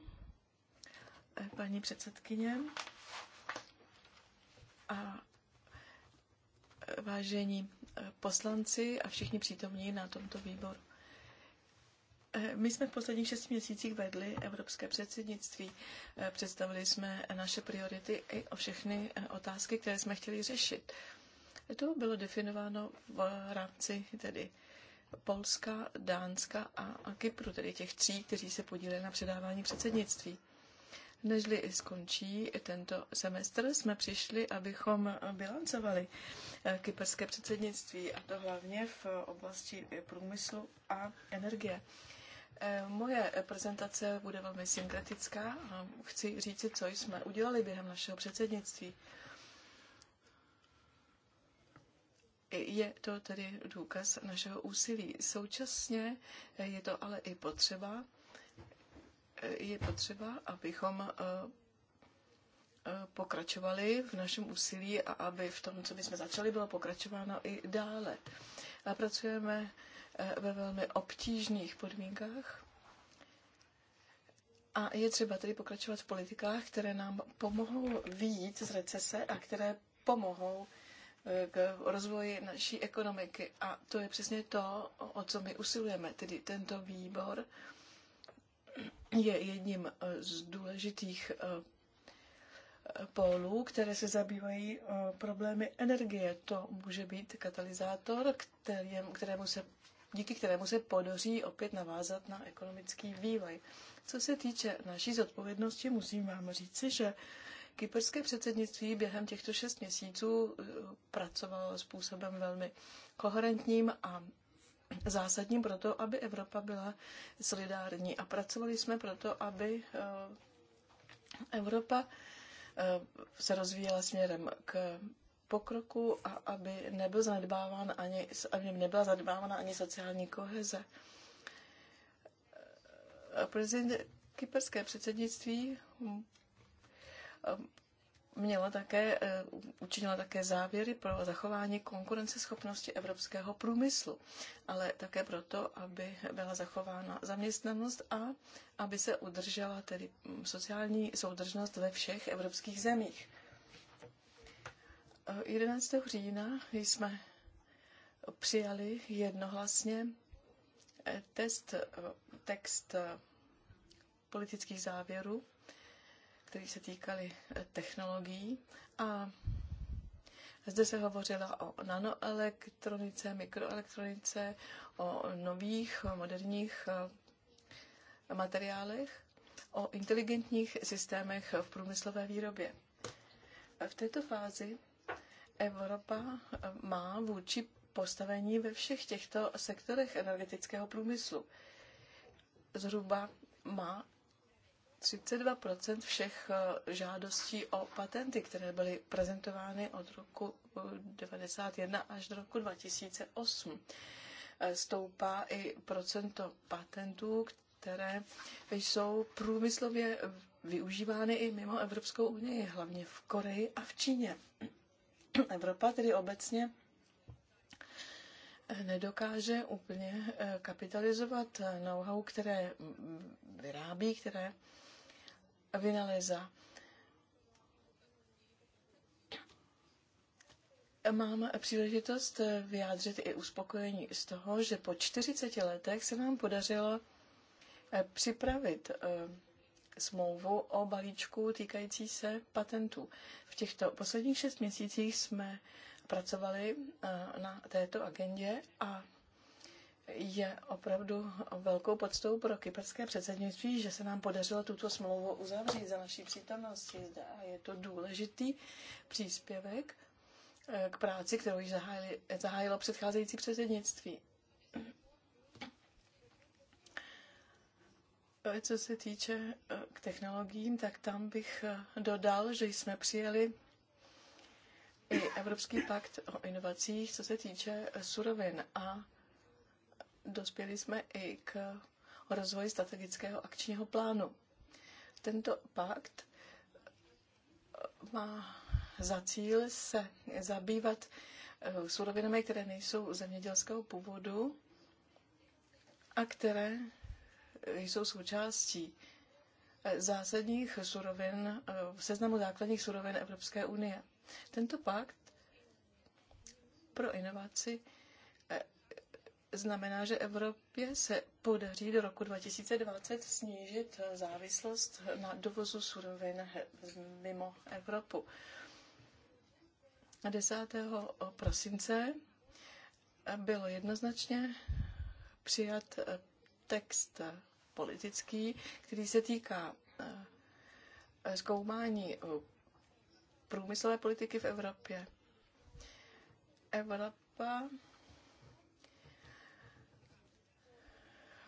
eh, paní předsedkyně. A eh, vážení poslanci a všichni přítomní na tomto výboru. Eh, my jsme v posledních šesti měsících vedli evropské předsednictví. Eh, představili jsme naše priority i o všechny eh, otázky, které jsme chtěli řešit. To bylo definováno v rámci tedy Polska, Dánska a Kypru, tedy těch tří, kteří se podíleli na předávání předsednictví nežli skončí tento semestr, jsme přišli, abychom bilancovali eh, kyperské předsednictví, a to hlavně v oblasti průmyslu a energie. Eh, moje prezentace bude velmi synkretická a chci říci, co jsme udělali během našeho předsednictví. Je to tedy důkaz našeho úsilí. Současně eh, je to ale i potřeba je potřeba, abychom eh, eh, pokračovali v našem úsilí a aby v tom, co bychom jsme začali, bylo pokračováno i dále. A pracujeme eh, ve velmi obtížných podmínkách a je třeba tedy pokračovat v politikách, které nám pomohou výjít z recese a které pomohou k rozvoji naší ekonomiky. A to je přesně to, o co my usilujeme, tedy tento výbor je jedním eh, z důležitých eh, pólů, které se zabývají eh, problémy energie. To může být katalyzátor, kterém, kterému se, díky kterému se podaří opět navázat na ekonomický vývoj. Co se týče naší zodpovědnosti, musím vám říci, že Kyperské předsednictví během těchto šest měsíců pracovalo způsobem velmi koherentním a zásadní pro to, aby Evropa byla solidární. A pracovali jsme pro to, aby eh, Evropa eh, se rozvíjela směrem k pokroku a aby nebyl zanedbáván ani, aby nebyla zanedbávána ani sociální koheze. Eh, prezident kyperské předsednictví hm, měla také, eh, učinila také závěry pro zachování konkurenceschopnosti evropského průmyslu, ale také proto, aby byla zachována zaměstnanost a aby se udržela tedy sociální soudržnost ve všech evropských zemích. 11. Eh, října jsme přijali jednohlasně eh, test, text politických závěrů které se týkaly eh, technologií. A zde se hovořila o nanoelektronice, mikroelektronice, o nových moderních eh, materiálech, o inteligentních systémech v průmyslové výrobě. V této fázi Evropa eh, má vůči postavení ve všech těchto sektorech energetického průmyslu. Zhruba má 32% všech eh, žádostí o patenty, které byly prezentovány od roku 1991 eh, až do roku 2008. Eh, stoupá i procento patentů, které jsou průmyslově využívány i mimo Evropskou unii, hlavně v Koreji a v Číně. (clears throat) Evropa tedy obecně nedokáže úplně kapitalizovat know-how, které mm, vyrábí, které vynaleza. Mám příležitost vyjádřit i uspokojení z toho, že po 40 letech se nám podařilo eh, připravit eh, smlouvu o balíčku týkající se patentů. V těchto posledních šest měsících jsme pracovali eh, na této agendě a je opravdu velkou podstou pro kyperské předsednictví, že se nám podařilo tuto smlouvu uzavřít za naší přítomnosti zde a je to důležitý příspěvek eh, k práci, kterou již zahájili, zahájilo předcházející předsednictví. Eh, co se týče eh, k technologiím, tak tam bych dodal, že jsme přijeli i Evropský pakt o inovacích, co se týče surovin a dospěli jsme i k rozvoji strategického akčního plánu. Tento pakt má za cíl se zabývat eh, surovinami, které nejsou zemědělského původu a které jsou součástí eh, zásadních surovin, eh, seznamu základních surovin Evropské unie. Tento pakt pro inovaci znamená, že Evropě se podaří do roku 2020 snížit závislost na dovozu surovin mimo Evropu. 10. prosince bylo jednoznačně přijat eh, text politický, který se týká eh, zkoumání eh, průmyslové politiky v Evropě. Evropa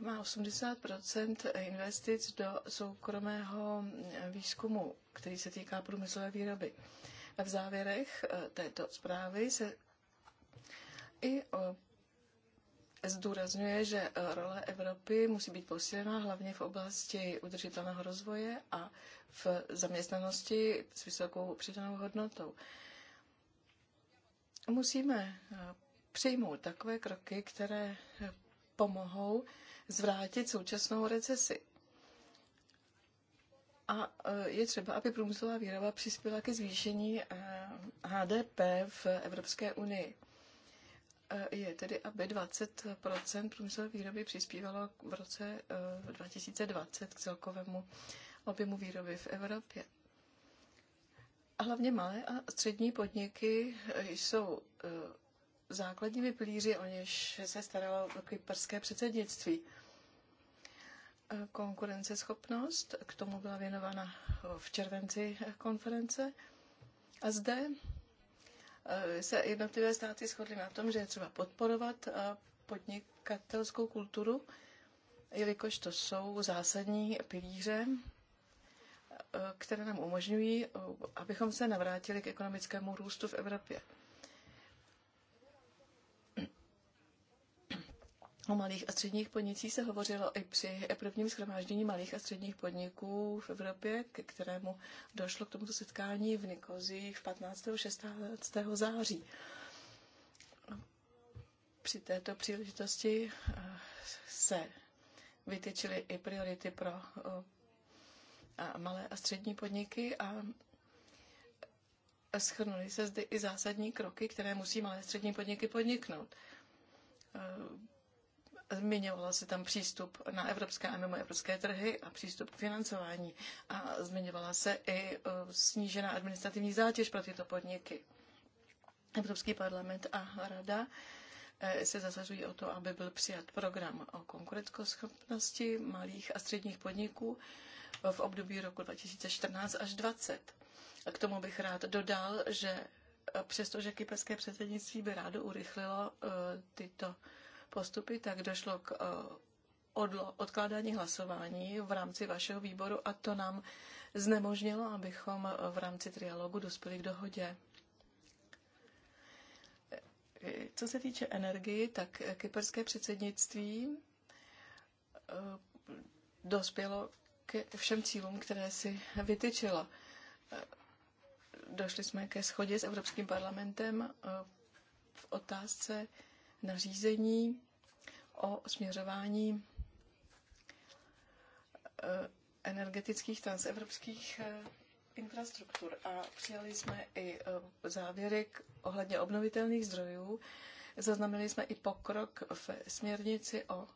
má 80 investic do soukromého výzkumu, který se týká průmyslové výroby. V závěrech eh, této zprávy se i zdůrazňuje, že eh, role Evropy musí být posílena hlavně v oblasti udržitelného rozvoje a v zaměstnanosti s vysokou přidanou hodnotou. Musíme eh, přijmout takové kroky, které pomohou zvrátit současnou recesi. A e, je třeba, aby průmyslová výroba přispěla ke zvýšení e, HDP v Evropské unii. E, je tedy, aby 20 průmyslové výroby přispívalo v roce 2020 k celkovému objemu výroby v Evropě. Hlavně malé a střední podniky jsou základními pilíři, o něž se staralo kyperské předsednictví. E, konkurenceschopnost, k tomu byla věnována v červenci konference. A zde e, se jednotlivé státy shodly na tom, že je třeba podporovat e, podnikatelskou kulturu, jelikož to jsou zásadní pilíře, které nám umožňují, abychom se navrátili k ekonomickému růstu v Evropě. O malých a středních podnicích se hovořilo i při prvním schromáždění malých a středních podniků v Evropě, ke kterému došlo k tomuto setkání v Nikozi v 15. 16. září. Při této příležitosti eh, se vytyčily i priority pro eh, malé a střední podniky a schrnuly se zde i zásadní kroky, které musí malé a střední podniky podniknout eh, Zmiňovala se tam přístup na evropské a mimo evropské trhy a přístup k financování. A zmiňovala se i e, snížená administrativní zátěž pro tyto podniky. Evropský parlament a rada e, se zasazují o to, aby byl přijat program o konkurenceschopnosti malých a středních podniků v období roku 2014 až 2020. k tomu bych rád dodal, že přestože kyperské předsednictví by rádo urychlilo e, tyto postupy, tak došlo k eh, odlo- odkládání hlasování v rámci vašeho výboru a to nám znemožnilo, abychom eh, v rámci trialogu dospěli k dohodě. Eh, co se týče energii, tak kyperské předsednictví dospělo k všem cílům, které si vytyčilo. Došli jsme ke shodě s Evropským parlamentem v otázce nařízení o směřování eh, energetických transevropských eh, infrastruktur a přijali jsme i eh, závěry ohledně obnovitelných zdrojů. Zaznamenali jsme i pokrok v směrnici o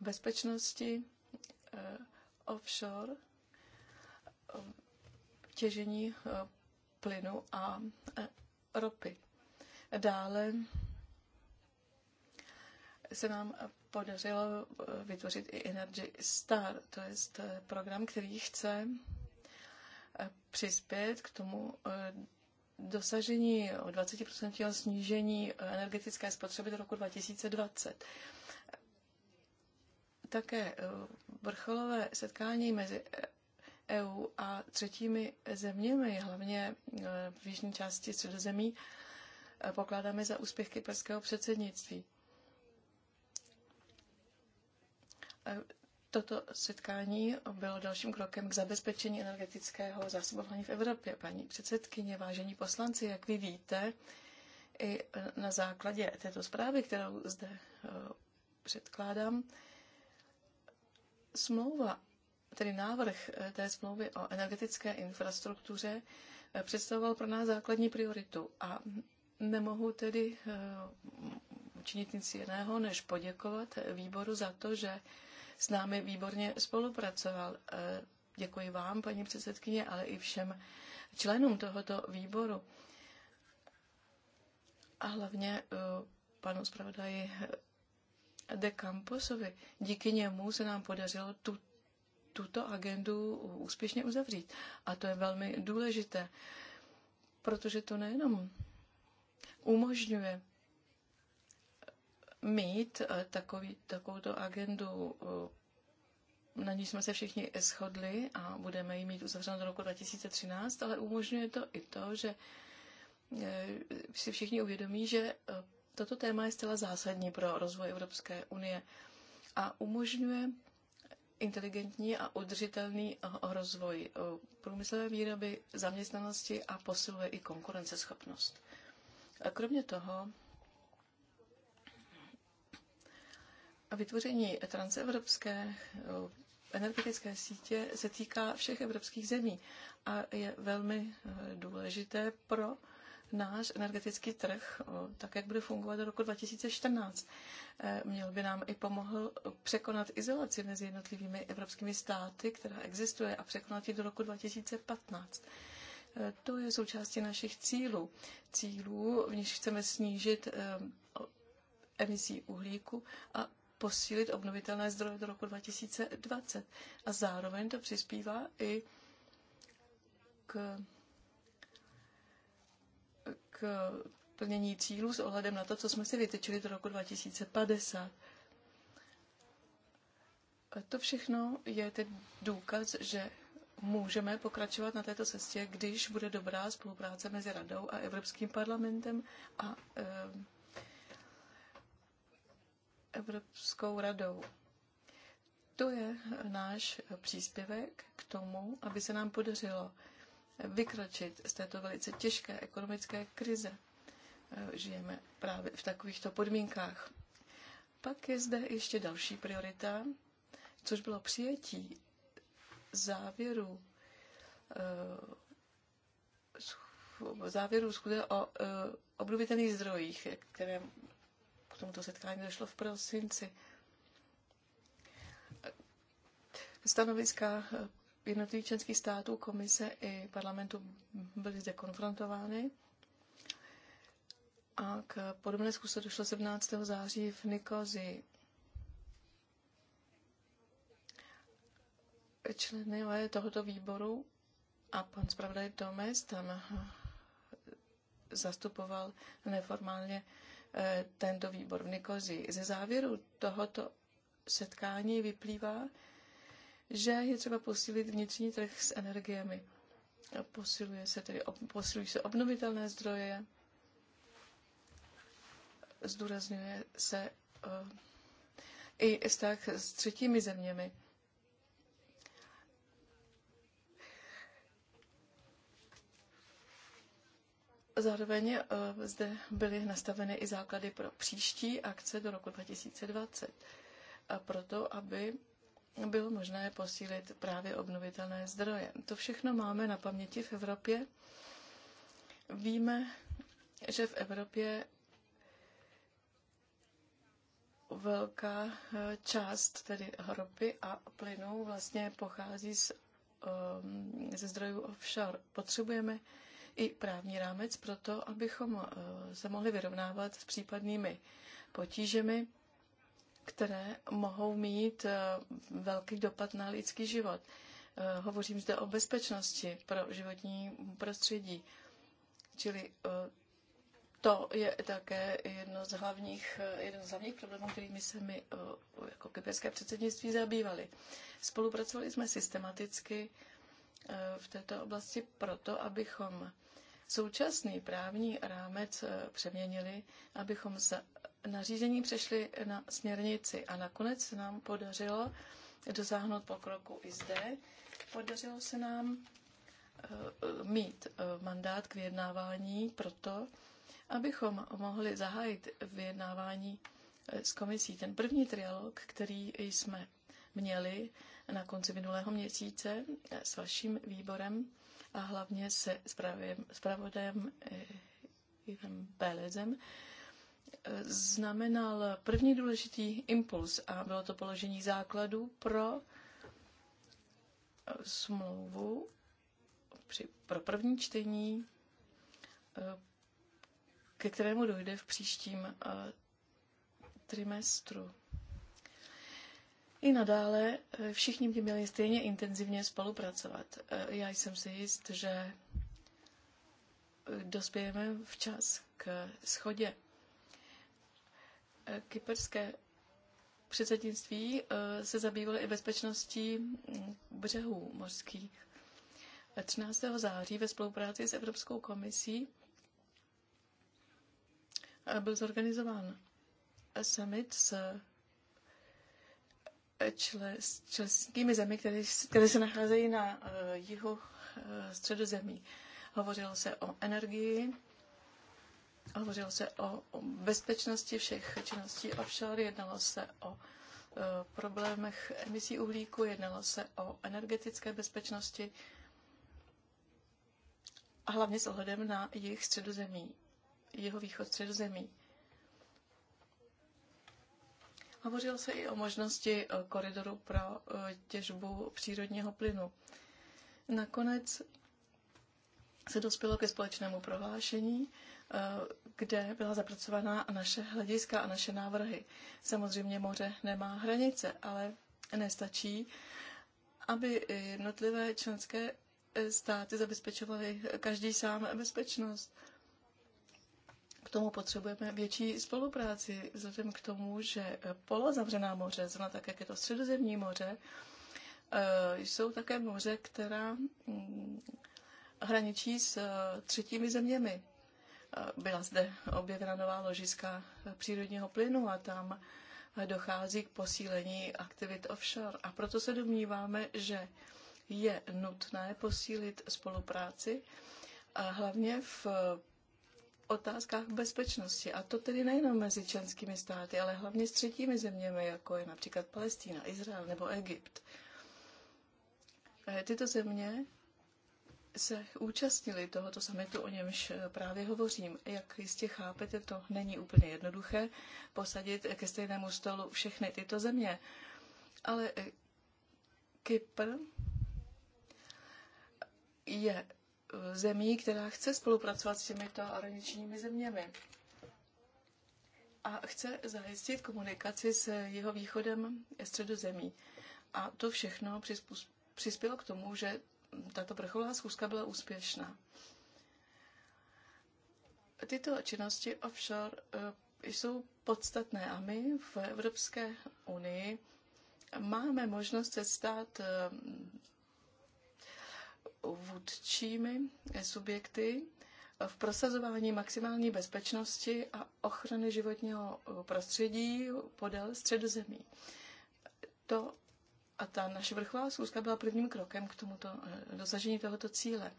bezpečnosti offshore, těžení plynu a ropy. Dále se nám podařilo eh, vytvořit i Energy Star, to je eh, program, který chce eh, přispět k tomu dosažení o 20% snížení energetické spotřeby do roku 2020. Také vrcholové setkání mezi EU e a třetími zeměmi, hlavně v jižní části středozemí, pokládáme za úspěch kyperského předsednictví. Toto setkání bylo dalším krokem k zabezpečení energetického zásobování v Evropě. Paní předsedkyně, vážení poslanci, jak vy víte, i na základě této zprávy, kterou zde eh, předkládám, smlouva, tedy návrh eh, té smlouvy o energetické infrastruktuře eh, představoval pro nás základní prioritu a nemohu tedy učinit nic jiného, než poděkovat výboru za to, že s námi výborně spolupracoval. E, děkuji vám, paní předsedkyně, ale i všem členům tohoto výboru. A hlavně e, panu zpravodaji e, De Camposovi. Díky němu se nám podařilo tu, tuto agendu úspěšně uzavřít. A to je velmi důležité, protože to nejenom umožňuje mít eh, takový, takovouto agendu, eh, na ní jsme se všichni shodli a budeme ji mít uzavřenou do roku 2013, ale umožňuje to i to, že eh, si všichni uvědomí, že toto téma je zcela zásadní pro rozvoj Evropské unie a umožňuje inteligentní a udržitelný rozvoj průmyslové výroby, zaměstnanosti a posiluje i konkurenceschopnost. A kromě toho vytvoření transevropské eh, energetické sítě se týká všech evropských zemí a je velmi eh, důležité pro náš energetický trh, tak jak bude fungovat do roku 2014. Eh, měl by nám i pomohl překonat izolaci mezi jednotlivými evropskými státy, která existuje, a překonat ji do roku 2015. To je součástí našich cílů. Cílů, v nich chceme snížit emisí uhlíku a posílit obnovitelné zdroje do roku 2020. A zároveň to přispívá i k, k plnění cílů s ohledem na to, co jsme si vytyčili do roku 2050. A to všechno je teď důkaz, že můžeme pokračovat na této cestě, když bude dobrá spolupráce mezi Radou a Evropským parlamentem a e, Evropskou radou. To je náš příspěvek k tomu, aby se nám podařilo vykročit z této velice těžké ekonomické krize. Žijeme právě v takovýchto podmínkách. Pak je zde ještě další priorita, což bylo přijetí závěru eh, závěru schůze o eh, obnovitelných zdrojích, které k tomuto setkání došlo v prosinci. Stanoviska jednotlivých členských států, komise i parlamentu byly zde konfrontovány. A k podobné zkuse došlo 17. září v Nikozi. Členy tohoto výboru a pan zpravodaj Domes tam zastupoval neformálně Eh, tento výbor v Nikozi. Ze závěru tohoto setkání vyplývá, že je třeba posílit vnitřní trh s energiemi. Posiluje se tedy, posilují se obnovitelné zdroje, zdůrazňuje se eh, i vztah s třetími zeměmi. Zároveň eh, zde byly nastaveny i základy pro příští akce do roku 2020. A proto, aby bylo možné posílit právě obnovitelné zdroje. To všechno máme na paměti v Evropě. Víme, že v Evropě velká eh, část tedy ropy a plynu vlastně pochází z, eh, ze zdrojů offshore. Potřebujeme i právní rámec pro to, abychom eh, se mohli vyrovnávat s případnými potížemi, které mohou mít eh, velký dopad na lidský život. Eh, hovořím zde o bezpečnosti pro životní prostředí, čili to je také jedno z hlavních, jeden z hlavních problémů, kterými se my jako kyperské předsednictví zabývali. Spolupracovali jsme systematicky v této oblasti proto, abychom současný právní rámec eh, přeměnili, abychom z nařízení přešli na směrnici a nakonec se nám podařilo dosáhnout pokroku i zde. Podařilo se nám eh, mít eh, mandát k vyjednávání proto, abychom mohli zahájit vyjednávání s komisí. Ten první trialog, který jsme měli na konci minulého měsíce s vaším výborem, a hlavně se zpravodajem eh, Ivem Belezem eh, znamenal první důležitý impuls a bylo to položení základů pro eh, smlouvu při, pro první čtení, ke kterému dojde v příštím trimestru i nadále eh, všichni by měli stejně intenzivně spolupracovat. Eh, já jsem si jist, že eh, dospějeme včas k schodě. Kyperské předsednictví se zabývalo i bezpečností mm, břehů mořských. 13. září ve spolupráci s Evropskou komisí byl zorganizován summit s Eh, čle, s členskými zemi, které, které se nacházejí na uh, jihu uh, eh, středu zemí. Hovořilo se o energii, hovořilo se o, o bezpečnosti všech činností offshore, jednalo se o uh, problémech emisí uhlíku, jednalo se o energetické bezpečnosti a hlavně s ohledem na jejich středozemí, jeho východ středozemí. Hovořil se i o možnosti eh, koridoru pro eh, těžbu přírodního plynu. Nakonec se dospělo ke společnému prohlášení, eh, kde byla zapracovaná naše hlediska a naše návrhy. Samozřejmě moře nemá hranice, ale nestačí, aby jednotlivé členské státy zabezpečovaly každý sám bezpečnost tomu potřebujeme větší spolupráci, vzhledem k tomu, že eh, polozavřená moře, zrovna tak, jak je to středozemní moře, eh, jsou také moře, která mm, hraničí s eh, třetími zeměmi. Byla zde objevena nová ložiska přírodního plynu a tam dochází k posílení aktivit offshore. A proto se domníváme, že je nutné posílit spolupráci, a hlavně v otázkách bezpečnosti. A to tedy nejenom mezi členskými státy, ale hlavně s třetími zeměmi, jako je například Palestína, Izrael nebo Egypt. Eh, tyto země se účastnili tohoto samitu, o němž eh, právě hovořím. Jak jistě chápete, to není úplně jednoduché posadit ke stejnému stolu všechny tyto země. Ale eh, Kypr je zemí, která chce spolupracovat s těmito hraničními zeměmi a chce zajistit komunikaci s jeho východem středozemí. A to všechno přispělo k tomu, že tato vrcholová schůzka byla úspěšná. Tyto činnosti offshore eh, jsou podstatné a my v Evropské unii máme možnost se stát eh, vůdčími subjekty v prosazování maximální bezpečnosti a ochrany životního prostředí podél středozemí. To a ta naše vrchová schůzka byla prvním krokem k tomuto eh, dosažení tohoto cíle.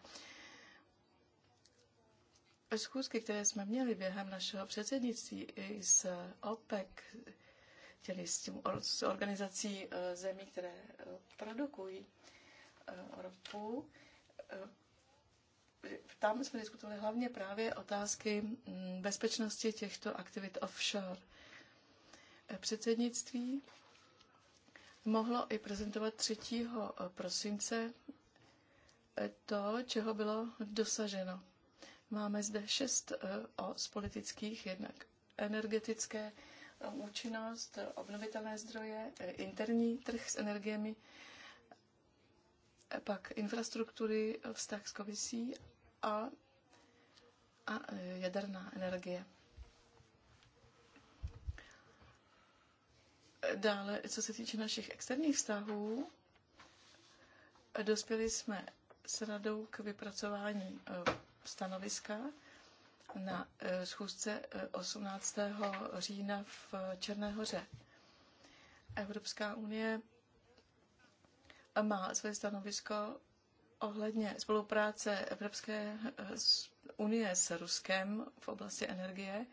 Schůzky, které jsme měli během našeho předsednictví i s OPEC, tedy s, tím, s organizací eh, zemí, které eh, produkují ropu, Eh, tam jsme diskutovali hlavně právě otázky mm, bezpečnosti těchto aktivit offshore. Eh, předsednictví mohlo i prezentovat 3. Eh, prosince to, čeho bylo dosaženo. Máme zde šest z politických, jednak energetické účinnost, obnovitelné zdroje, interní trh s energiemi, pak infrastruktury, vztah s komisí a, a e, jaderná energie. Dále, co se týče našich externích vztahů, dospěli jsme s radou k vypracování e, stanoviska na e, schůzce 18. října v Černé Evropská unie má své stanovisko ohledně spolupráce Evropské eh, unie s Ruskem v oblasti energie.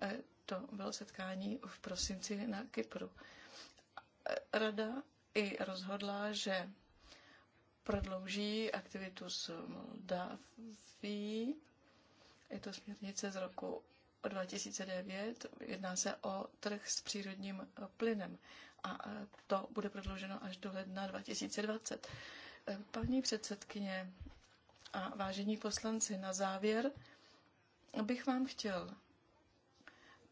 Eh, to bylo setkání v prosinci na Kypru. Eh, rada i rozhodla, že prodlouží aktivitu s Moldaví. Je to směrnice z roku 2009. Jedná se o trh s přírodním plynem a e, to bude prodlouženo až do ledna 2020. E, paní předsedkyně a vážení poslanci, na závěr bych vám chtěl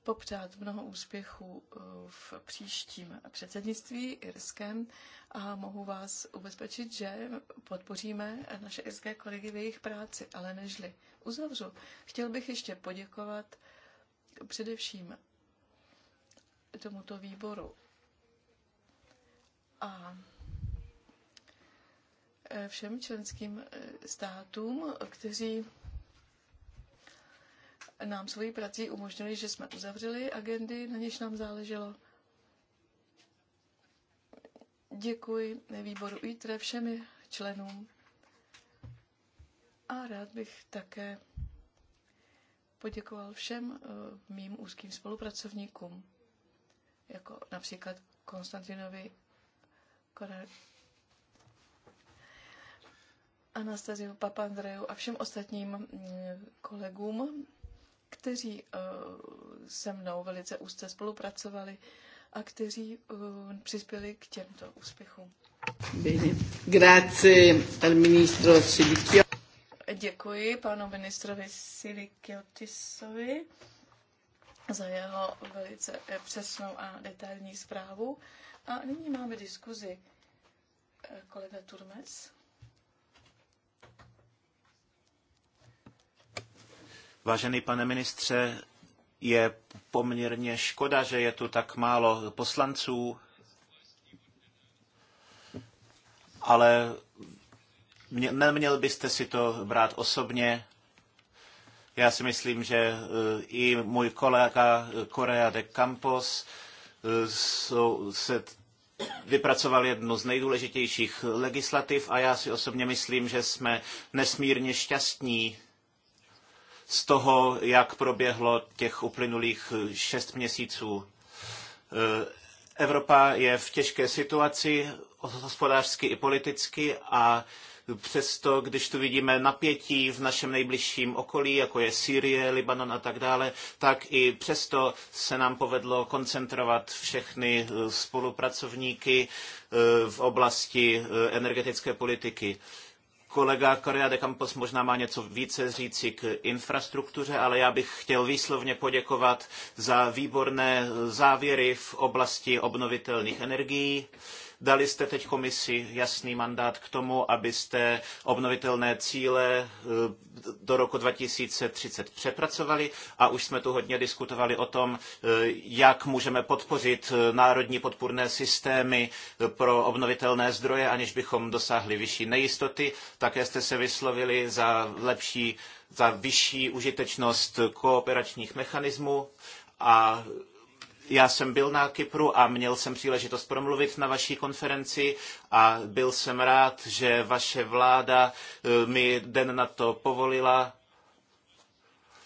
popřát mnoho úspěchů e, v příštím předsednictví irském a mohu vás ubezpečit, že podpoříme naše irské kolegy v jejich práci, ale nežli uzavřu. Chtěl bych ještě poděkovat především tomuto výboru a e, všem členským e, státům, kteří nám svoji prací umožnili, že jsme uzavřeli agendy, na něž nám záleželo. Děkuji výboru ITRE všemi členům a rád bych také poděkoval všem e, mým úzkým spolupracovníkům, jako například Konstantinovi Konar, Anastasiu Papandreou a všem ostatním mm, kolegům, kteří eh, se mnou velice úzce spolupracovali a kteří eh, přispěli k těmto úspěchům. Grazie al ministro Silikio. Děkuji panu ministrovi Silikiotisovi za jeho velice eh, přesnou a detailní zprávu. A nyní máme diskuzi. Eh, kolega Turmes. Vážený pane ministře, je poměrně škoda, že je tu tak málo poslanců, ale mě, neměl byste si to brát osobně. Já si myslím, že eh, i můj kolega Korea de Campos se vypracoval jedno z nejdůležitějších legislativ a já si osobně myslím, že jsme nesmírně šťastní z toho, jak proběhlo těch uplynulých šest měsíců. Evropa je v těžké situaci hospodářsky i politicky a Přesto, když tu vidíme napětí v našem nejbližším okolí, jako je Sýrie, Libanon a tak dále, tak i přesto se nám povedlo koncentrovat všechny eh, spolupracovníky eh, v oblasti eh, energetické politiky kolega Correa de Campos možná má něco více říci k infrastruktuře, ale já bych chtěl výslovně poděkovat za výborné závěry v oblasti obnovitelných energií. Dali jste teď komisi jasný mandát k tomu, abyste obnovitelné cíle eh, do roku 2030 přepracovali a už jsme tu hodně diskutovali o tom, eh, jak můžeme podpořit eh, národní podpůrné systémy pro obnovitelné zdroje, aniž bychom dosáhli vyšší nejistoty. Také jste se vyslovili za lepší, za vyšší užitečnost kooperačních mechanismů a já jsem byl na Kypru a měl jsem příležitost promluvit na vaší konferenci a byl jsem rád, že vaše vláda eh, mi den na to povolila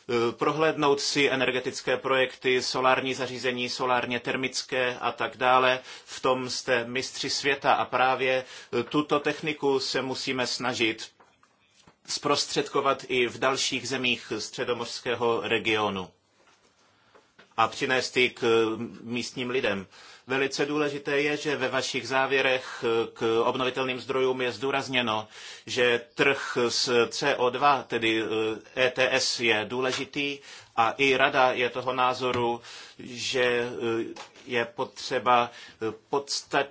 eh, prohlédnout si energetické projekty, solární zařízení, solárně termické a tak dále. V tom jste mistři světa a právě eh, tuto techniku se musíme snažit zprostředkovat i v dalších zemích středomořského regionu a přinést ji k místním lidem. Velice důležité je, že ve vašich závěrech e, k obnovitelným zdrojům je zdůrazněno, že trh s CO2, tedy ETS, e je důležitý a i rada je toho názoru, že e, je potřeba podstat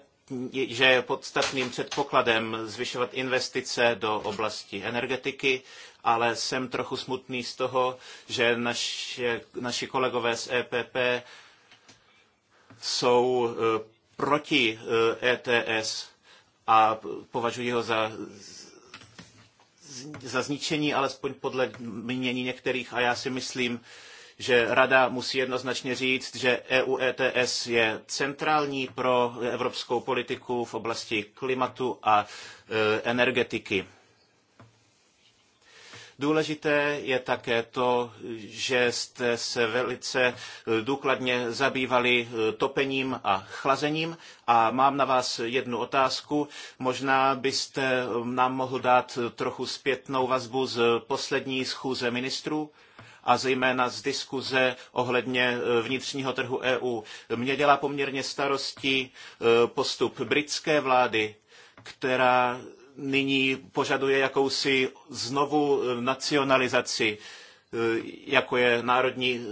že je podstatným předpokladem zvyšovat investice do oblasti energetiky ale jsem trochu smutný z toho, že naše, naši kolegové z EPP jsou eh, proti ETS eh, e a považuji ho za za zničení, alespoň podle mínění některých, a já si myslím, že Rada musí jednoznačně říct, že EU ETS je centrální pro evropskou politiku v oblasti klimatu a eh, energetiky. Důležité je také to, že jste se velice důkladně zabývali topením a chlazením a mám na vás jednu otázku. Možná byste nám mohl dát trochu zpětnou vazbu z poslední schůze ministrů a zejména z diskuze ohledně vnitřního trhu EU. Mě dělá poměrně starosti postup britské vlády, která nyní požaduje jakousi znovu nacionalizaci, e, jako je národní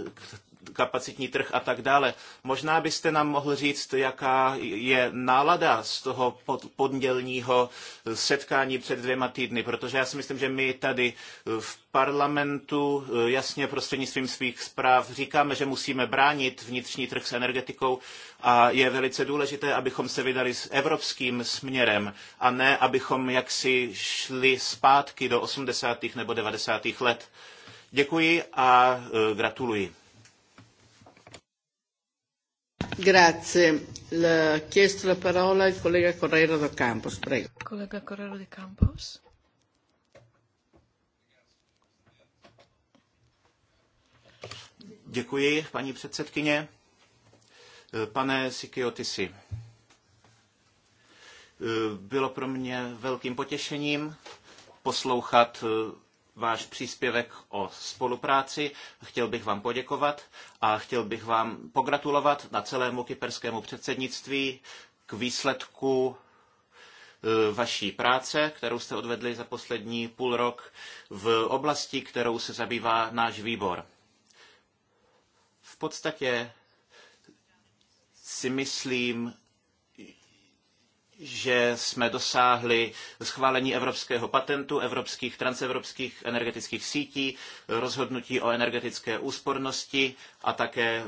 kapacitní trh a tak dále. Možná byste nám mohl říct, jaká je nálada z toho pondělního setkání před dvěma týdny, protože já si myslím, že my tady v parlamentu eh, jasně prostřednictvím svých zpráv říkáme, že musíme bránit vnitřní trh s energetikou a je velice důležité, abychom se vydali s evropským směrem a ne, abychom jaksi šli zpátky do 80. nebo 90. let. Děkuji a eh, gratuluji. Grazie. chiesto la parola il collega Correro Campos, prego. Collega Correro Campos. Děkuji, paní předsedkyně. Pane Sikiotisi, bylo pro mě velkým potěšením poslouchat váš příspěvek o spolupráci. Chtěl bych vám poděkovat a chtěl bych vám pogratulovat na celému kyperskému předsednictví k výsledku e, vaší práce, kterou jste odvedli za poslední půl rok v oblasti, kterou se zabývá náš výbor. V podstatě si myslím, že jsme dosáhli schválení evropského patentu, evropských transevropských energetických sítí, rozhodnutí o energetické úspornosti a také e,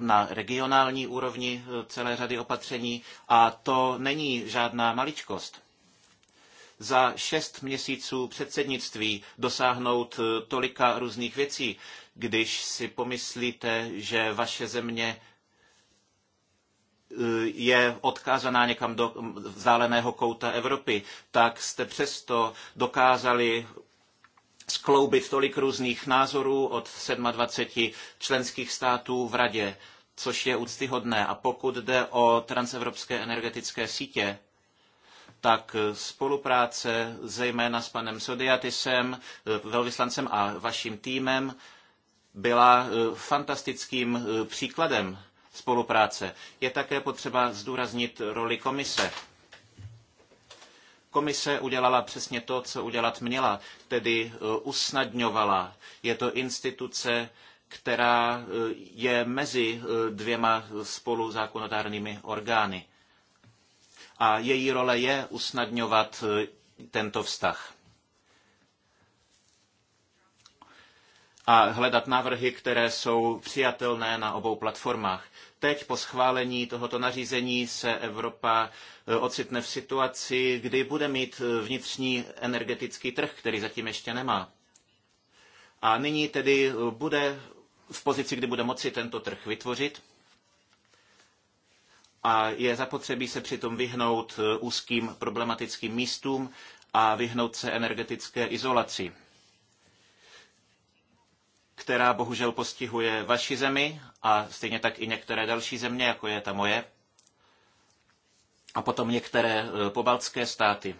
na regionální úrovni e, celé řady opatření. A to není žádná maličkost. Za šest měsíců předsednictví dosáhnout e, tolika různých věcí, když si pomyslíte, že vaše země Eh, je odkázaná někam do vzdáleného kouta Evropy, tak jste přesto dokázali skloubit tolik různých názorů od 27 členských států v Radě, což je úctyhodné. A pokud jde o transevropské energetické sítě, tak spolupráce zejména s panem Sodiatisem, eh, velvyslancem a vaším týmem byla eh, fantastickým příkladem spolupráce. Je také potřeba zdůraznit roli komise. Komise udělala přesně to, co udělat měla, tedy eh, usnadňovala. Je to instituce, která eh, je mezi eh, dvěma spoluzákonodárnými orgány. A její role je usnadňovat tento vztah. a hledat návrhy, které jsou přijatelné na obou platformách. Teď po schválení tohoto nařízení se Evropa e, ocitne v situaci, kdy bude mít e, vnitřní energetický trh, který zatím ještě nemá. A nyní tedy e, bude v pozici, kdy bude moci tento trh vytvořit a je zapotřebí se přitom vyhnout úzkým problematickým místům a vyhnout se energetické izolaci která bohužel postihuje vaši zemi a stejně tak i některé další země, jako je ta moje, a potom některé e, pobaltské státy.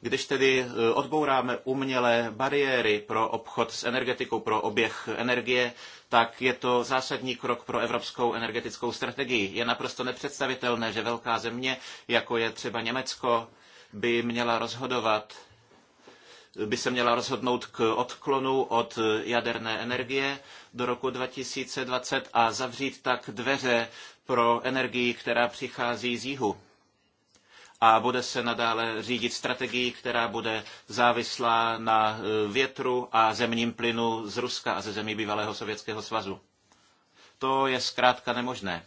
Když tedy e, odbouráme umělé bariéry pro obchod s energetikou, pro oběh energie, tak je to zásadní krok pro evropskou energetickou strategii. Je naprosto nepředstavitelné, že velká země, jako je třeba Německo, by měla rozhodovat by se měla rozhodnout k odklonu od jaderné energie do roku 2020 a zavřít tak dveře pro energii, která přichází z jihu. A bude se nadále řídit strategií, která bude závislá na větru a zemním plynu z Ruska a ze zemí bývalého Sovětského svazu. To je zkrátka nemožné.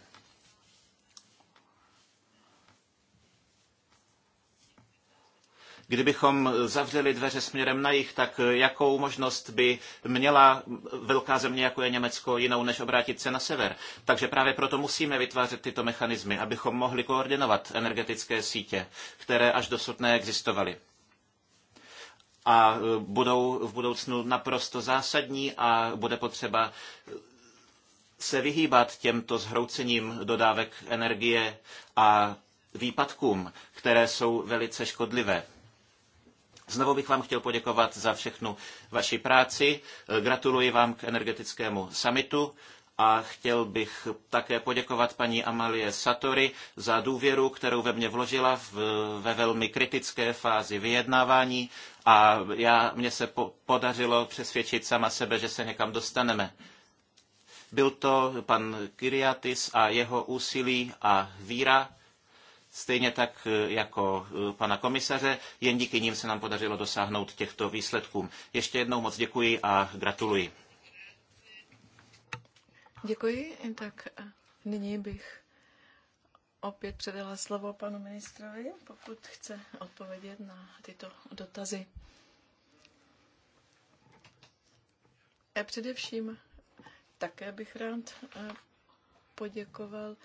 Kdybychom zavřeli dveře směrem na jich, tak jakou možnost by měla velká země, jako je Německo, jinou, než obrátit se na sever? Takže právě proto musíme vytvářet tyto mechanismy, abychom mohli koordinovat energetické sítě, které až dosud neexistovaly a budou v budoucnu naprosto zásadní a bude potřeba se vyhýbat těmto zhroucením dodávek energie a výpadkům, které jsou velice škodlivé. Znovu bych vám chtěl poděkovat za všechnu vaši práci. Gratuluji vám k energetickému summitu a chtěl bych také poděkovat paní Amalie Satori za důvěru, kterou ve mě vložila v, ve velmi kritické fázi vyjednávání a já, mně se po, podařilo přesvědčit sama sebe, že se někam dostaneme. Byl to pan Kyriatis a jeho úsilí a víra stejně tak e, jako e, pana komisaře. Jen díky nim se nám podařilo dosáhnout těchto výsledků. Ještě jednou moc děkuji a gratuluji. Děkuji. Tak e, nyní bych opět předala slovo panu ministrovi, pokud chce odpovědět na tyto dotazy. A především také bych rád poděkoval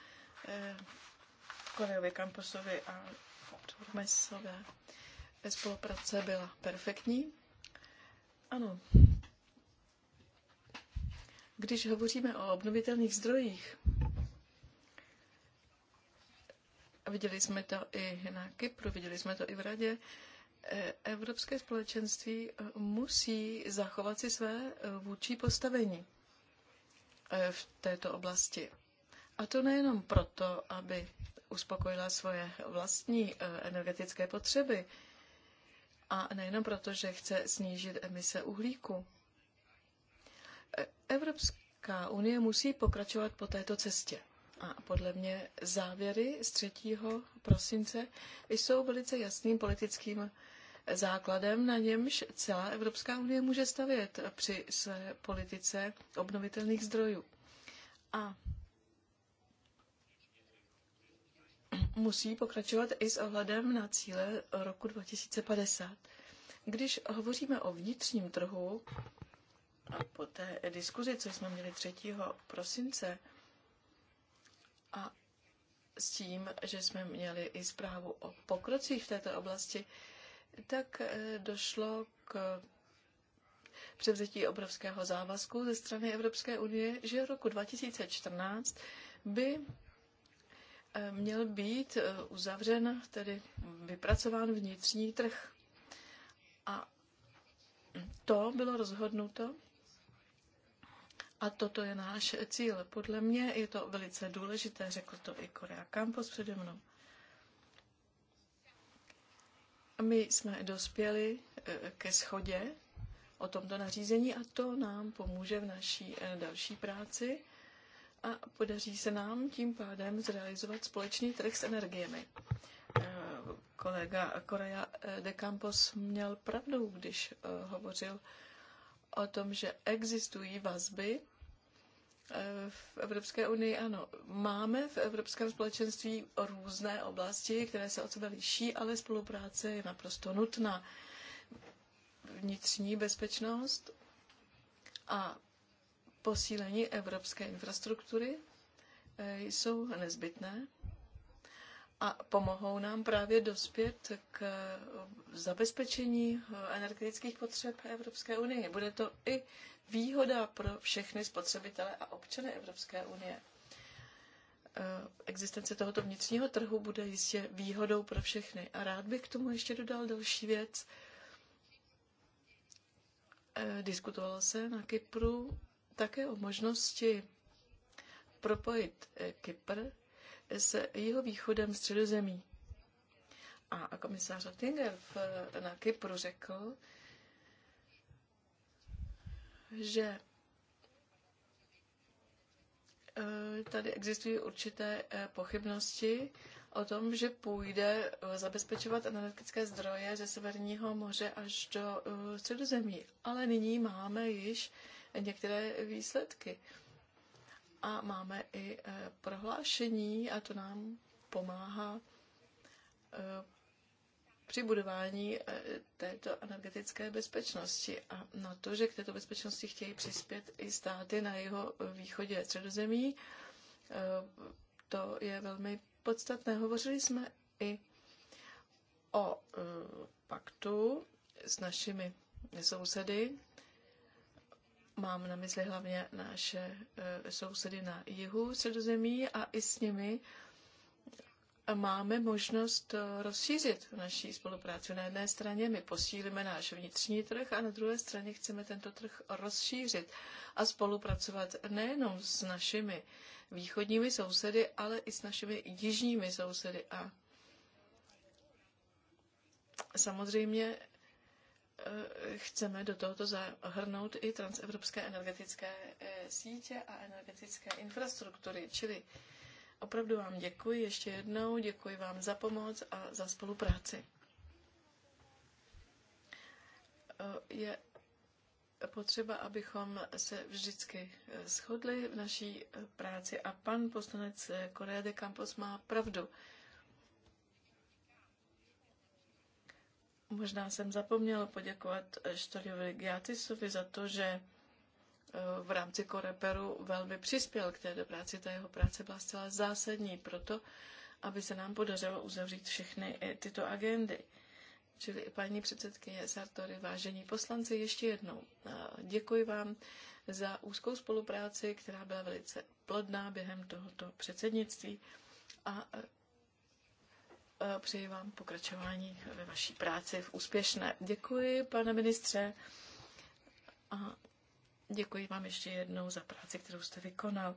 kolegovi Kamposovi a Turmesové spolupráce byla perfektní. Ano. Když hovoříme o obnovitelných zdrojích, viděli jsme to i na Kypru, viděli jsme to i v Radě, eh, Evropské společenství eh, musí zachovat si své eh, vůči postavení v této oblasti. A to nejenom proto, aby uspokojila svoje vlastní eh, energetické potřeby. A nejenom proto, že chce snížit emise uhlíku. E, Evropská unie musí pokračovat po této cestě. A podle mě závěry z 3. prosince jsou velice jasným politickým základem, na němž celá Evropská unie může stavět při své politice obnovitelných zdrojů. A musí pokračovat i s ohledem na cíle roku 2050. Když hovoříme o vnitřním trhu, a po té diskuzi, co jsme měli 3. prosince, a s tím, že jsme měli i zprávu o pokrocích v této oblasti, tak e, došlo k převzetí obrovského závazku ze strany Evropské unie, že v roku 2014 by měl být eh, uzavřen, tedy vypracován vnitřní trh. A to bylo rozhodnuto a toto je náš cíl. Podle mě je to velice důležité, řekl to i Korea Campos přede mnou. My jsme dospěli eh, ke schodě o tomto nařízení a to nám pomůže v naší eh, další práci a podaří se nám tím pádem zrealizovat společný trh s energiemi. Eh, kolega Korea eh, de Campos měl pravdu, když eh, hovořil o tom, že existují vazby v Evropské unii ano, máme v Evropském společenství různé oblasti, které se od sebe liší, ale spolupráce je naprosto nutná. Vnitřní bezpečnost a posílení evropské infrastruktury eh, jsou nezbytné a pomohou nám právě dospět k eh, zabezpečení eh, energetických potřeb Evropské unie. Bude to i výhoda pro všechny spotřebitele a občany Evropské unie. Existence tohoto vnitřního trhu bude jistě výhodou pro všechny. A rád bych k tomu ještě dodal další věc. Diskutovalo se na Kypru také o možnosti propojit eh, Kypr s jeho východem středozemí. A komisář Oettinger na Kypru řekl, že eh, tady existují určité eh, pochybnosti o tom, že půjde zabezpečovat energetické zdroje ze Severního moře až do středozemí. Ale nyní máme již některé výsledky. A máme i eh, prohlášení a to nám pomáhá eh, při budování eh, této energetické bezpečnosti a na to, že k této bezpečnosti chtějí přispět i státy na jeho východě středozemí, to je velmi podstatné. Hovořili jsme i o paktu s našimi sousedy Mám na mysli hlavně naše eh, sousedy na jihu Středozemí a i s nimi máme možnost eh, rozšířit naší spolupráci. Na jedné straně my posílíme náš vnitřní trh a na druhé straně chceme tento trh rozšířit a spolupracovat nejenom s našimi východními sousedy, ale i s našimi jižními sousedy. A samozřejmě Eh, chceme do tohoto zahrnout i transevropské energetické eh, sítě a energetické infrastruktury. Čili opravdu vám děkuji ještě jednou, děkuji vám za pomoc a za spolupráci. Eh, je potřeba, abychom se vždycky shodli v naší práci a pan poslanec Korea de Campos má pravdu. Možná jsem zapomněla poděkovat eh, Štoriovi Giatisovi za to, že eh, v rámci Koreperu velmi přispěl k té práci. Ta jeho práce byla zcela zásadní pro to, aby se nám podařilo uzavřít všechny eh, tyto agendy. Čili paní předsedkyně Sartory, vážení poslanci, ještě jednou děkuji vám za úzkou spolupráci, která byla velice plodná během tohoto předsednictví a přeji vám pokračování ve vaší práci v úspěšné. Děkuji, pane ministře. A děkuji vám ještě jednou za práci, kterou jste vykonal.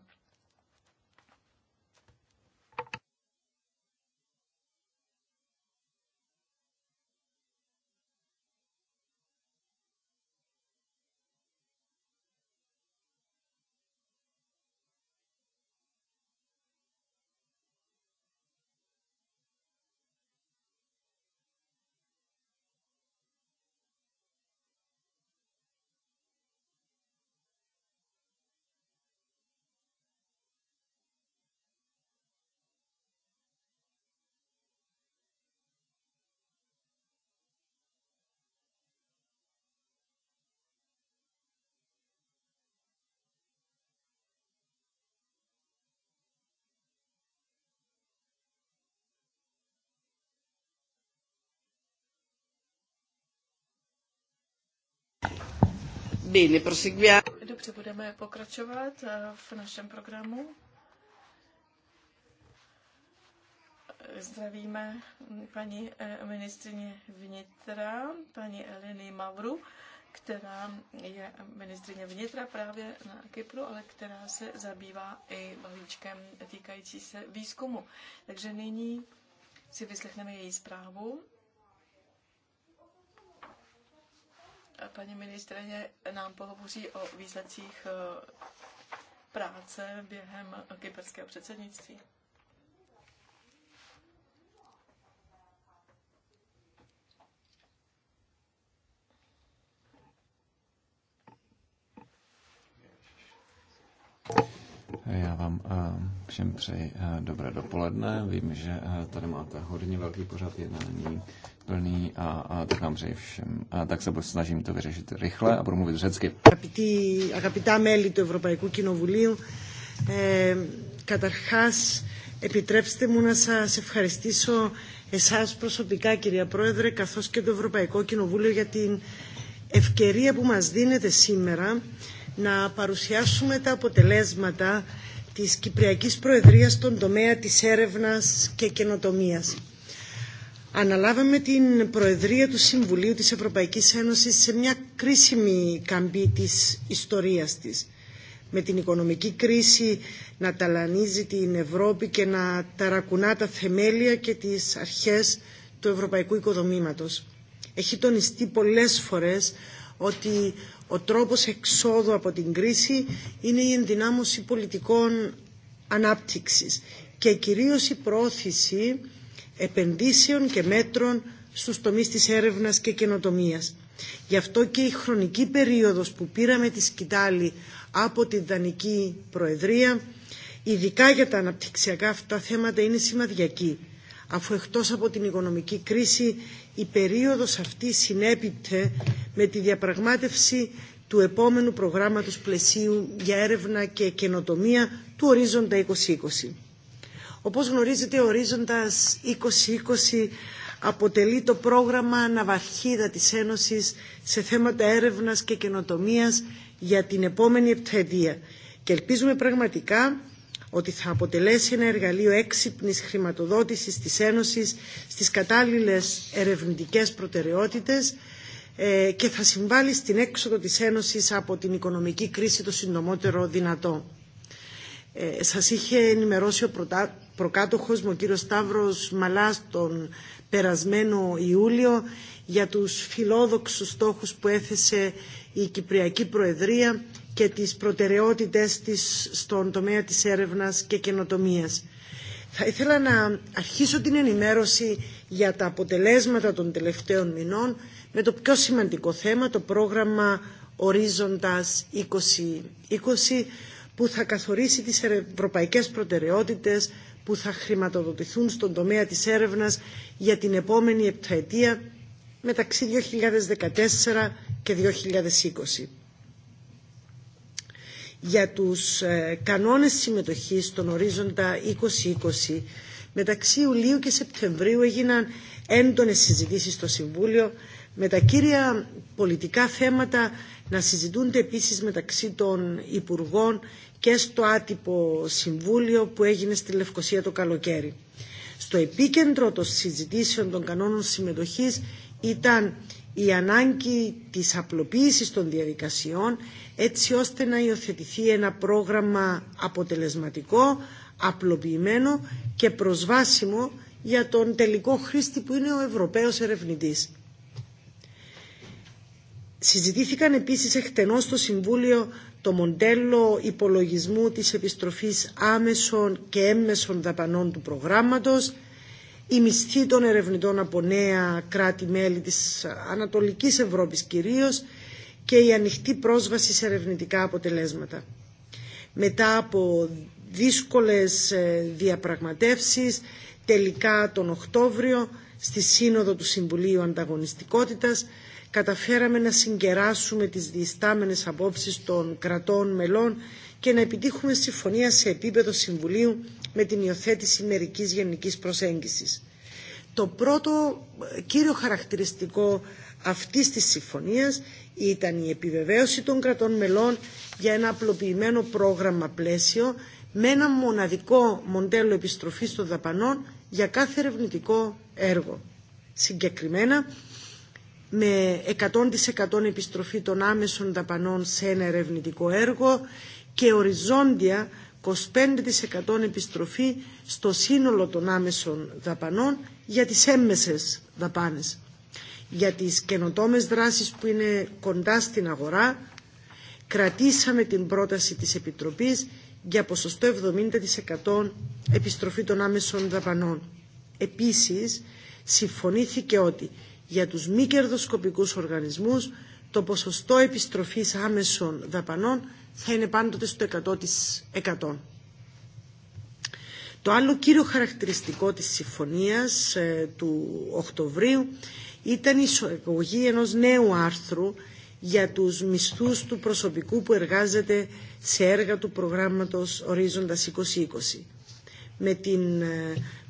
Bene, proseguiamo. Dobře, budeme pokračovat eh, v našem programu. Zdravíme paní eh, ministrině vnitra, paní Eleny Mavru, která je ministrině vnitra právě na Kypru, ale která se zabývá i balíčkem týkající se výzkumu. Takže nyní si vyslechneme její zprávu Paní ministrině nám pohovoří o výsledcích eh, práce během kyperského předsednictví. Já vám eh, všem přeji eh, dobré dopoledne. Vím, že eh, tady máte hodně velký pořad jednání plný a, a tak vám přeji všem. A tak se budu snažím to vyřešit rychle a budu mluvit řecky. Agapitý, agapitá meli do Evropského kinovulíu, e, katarchás, επιτρέψτε μου να σας ευχαριστήσω εσάς προσωπικά κυρία Πρόεδρε καθώς και το Ευρωπαϊκό Κοινοβούλιο για την ευκαιρία που μας δίνετε σήμερα να παρουσιάσουμε τα αποτελέσματα της Κυπριακής Προεδρίας στον τομέα της έρευνας και καινοτομίας. Αναλάβαμε την Προεδρία του Συμβουλίου της Ευρωπαϊκής Ένωσης σε μια κρίσιμη καμπή της ιστορίας της. Με την οικονομική κρίση να ταλανίζει την Ευρώπη και να ταρακουνά τα θεμέλια και τις αρχές του ευρωπαϊκού οικοδομήματος. Έχει τονιστεί πολλές φορές ότι Ο τρόπος εξόδου από την κρίση είναι η ενδυνάμωση πολιτικών ανάπτυξης και κυρίως η πρόθεση επενδύσεων και μέτρων στους τομείς της έρευνας και καινοτομίας. Γι' αυτό και η χρονική περίοδος που πήραμε τη σκητάλη από τη Δανική Προεδρία, ειδικά για τα αναπτυξιακά αυτά θέματα, είναι σημαδιακή αφού εκτός από την οικονομική κρίση η περίοδος αυτή συνέπιπτε με τη διαπραγμάτευση του επόμενου προγράμματος πλαισίου για έρευνα και καινοτομία του Ορίζοντα 2020. Όπως γνωρίζετε, ο Ορίζοντας 2020 αποτελεί το πρόγραμμα αναβαρχίδα της Ένωσης σε θέματα έρευνας και καινοτομίας για την επόμενη επταετία και ελπίζουμε πραγματικά ότι θα αποτελέσει ένα εργαλείο έξυπνης χρηματοδότησης της Ένωσης στις κατάλληλες ερευνητικές προτεραιότητες ε, και θα συμβάλλει στην έξοδο της Ένωσης από την οικονομική κρίση το συντομότερο δυνατό. Ε, σας είχε ενημερώσει ο προτα... προκάτοχος μου, ο κύριος Σταύρος Μαλάς, τον περασμένο Ιούλιο για τους φιλόδοξους στόχους που έθεσε η Κυπριακή Προεδρία και τις προτεραιότητες της στον τομέα της έρευνας και καινοτομίας. Θα ήθελα να αρχίσω την ενημέρωση για τα αποτελέσματα των τελευταίων μηνών με το πιο σημαντικό θέμα, το πρόγραμμα Ορίζοντας 2020, που θα καθορίσει τις ευρωπαϊκές προτεραιότητες που θα χρηματοδοτηθούν στον τομέα της έρευνας για την επόμενη επταετία μεταξύ 2014 και 2020 για τους κανόνες συμμετοχής στον ορίζοντα 2020. Μεταξύ Ιουλίου και Σεπτεμβρίου έγιναν έντονες συζητήσεις στο Συμβούλιο με τα κύρια πολιτικά θέματα να συζητούνται επίσης μεταξύ των Υπουργών και στο άτυπο Συμβούλιο που έγινε στη Λευκοσία το καλοκαίρι. Στο επίκεντρο των συζητήσεων των κανόνων συμμετοχής ήταν η ανάγκη της απλοποίησης των διαδικασιών έτσι ώστε να υιοθετηθεί ένα πρόγραμμα αποτελεσματικό, απλοποιημένο και προσβάσιμο για τον τελικό χρήστη που είναι ο Ευρωπαίος ερευνητής. Συζητήθηκαν επίσης εκτενώς στο Συμβούλιο το μοντέλο υπολογισμού της επιστροφής άμεσων και έμμεσων δαπανών του προγράμματος, η μισθή των ερευνητών από νέα κράτη-μέλη της Ανατολικής Ευρώπης κυρίως και η ανοιχτή πρόσβαση σε ερευνητικά αποτελέσματα. Μετά από δύσκολες διαπραγματεύσεις, τελικά τον Οκτώβριο, στη Σύνοδο του Συμβουλίου Ανταγωνιστικότητας, καταφέραμε να συγκεράσουμε τις διστάμενες απόψεις των κρατών μελών και να επιτύχουμε συμφωνία σε επίπεδο Συμβουλίου με την υιοθέτηση μερικής γενικής προσέγγισης. Το πρώτο κύριο χαρακτηριστικό αυτής της συμφωνίας ήταν η επιβεβαίωση των κρατών μελών για ένα απλοποιημένο πρόγραμμα πλαίσιο με ένα μοναδικό μοντέλο επιστροφής των δαπανών για κάθε ερευνητικό έργο. Συγκεκριμένα, με 100% επιστροφή των άμεσων δαπανών σε ένα ερευνητικό έργο και οριζόντια 25% επιστροφή στο σύνολο των άμεσων δαπανών για τις έμμεσες δαπάνες. Για τις καινοτόμες δράσεις που είναι κοντά στην αγορά, κρατήσαμε την πρόταση της Επιτροπής για ποσοστό 70% επιστροφή των άμεσων δαπανών. Επίσης, συμφωνήθηκε ότι για τους μη κερδοσκοπικούς οργανισμούς το ποσοστό επιστροφής άμεσων δαπανών θα είναι πάντοτε στο 100%. Το άλλο κύριο χαρακτηριστικό της συμφωνίας ε, του Οκτωβρίου ήταν η εισαγωγή ενός νέου άρθρου για τους μισθούς του προσωπικού που εργάζεται σε έργα του προγράμματος Ορίζοντας 2020. Με την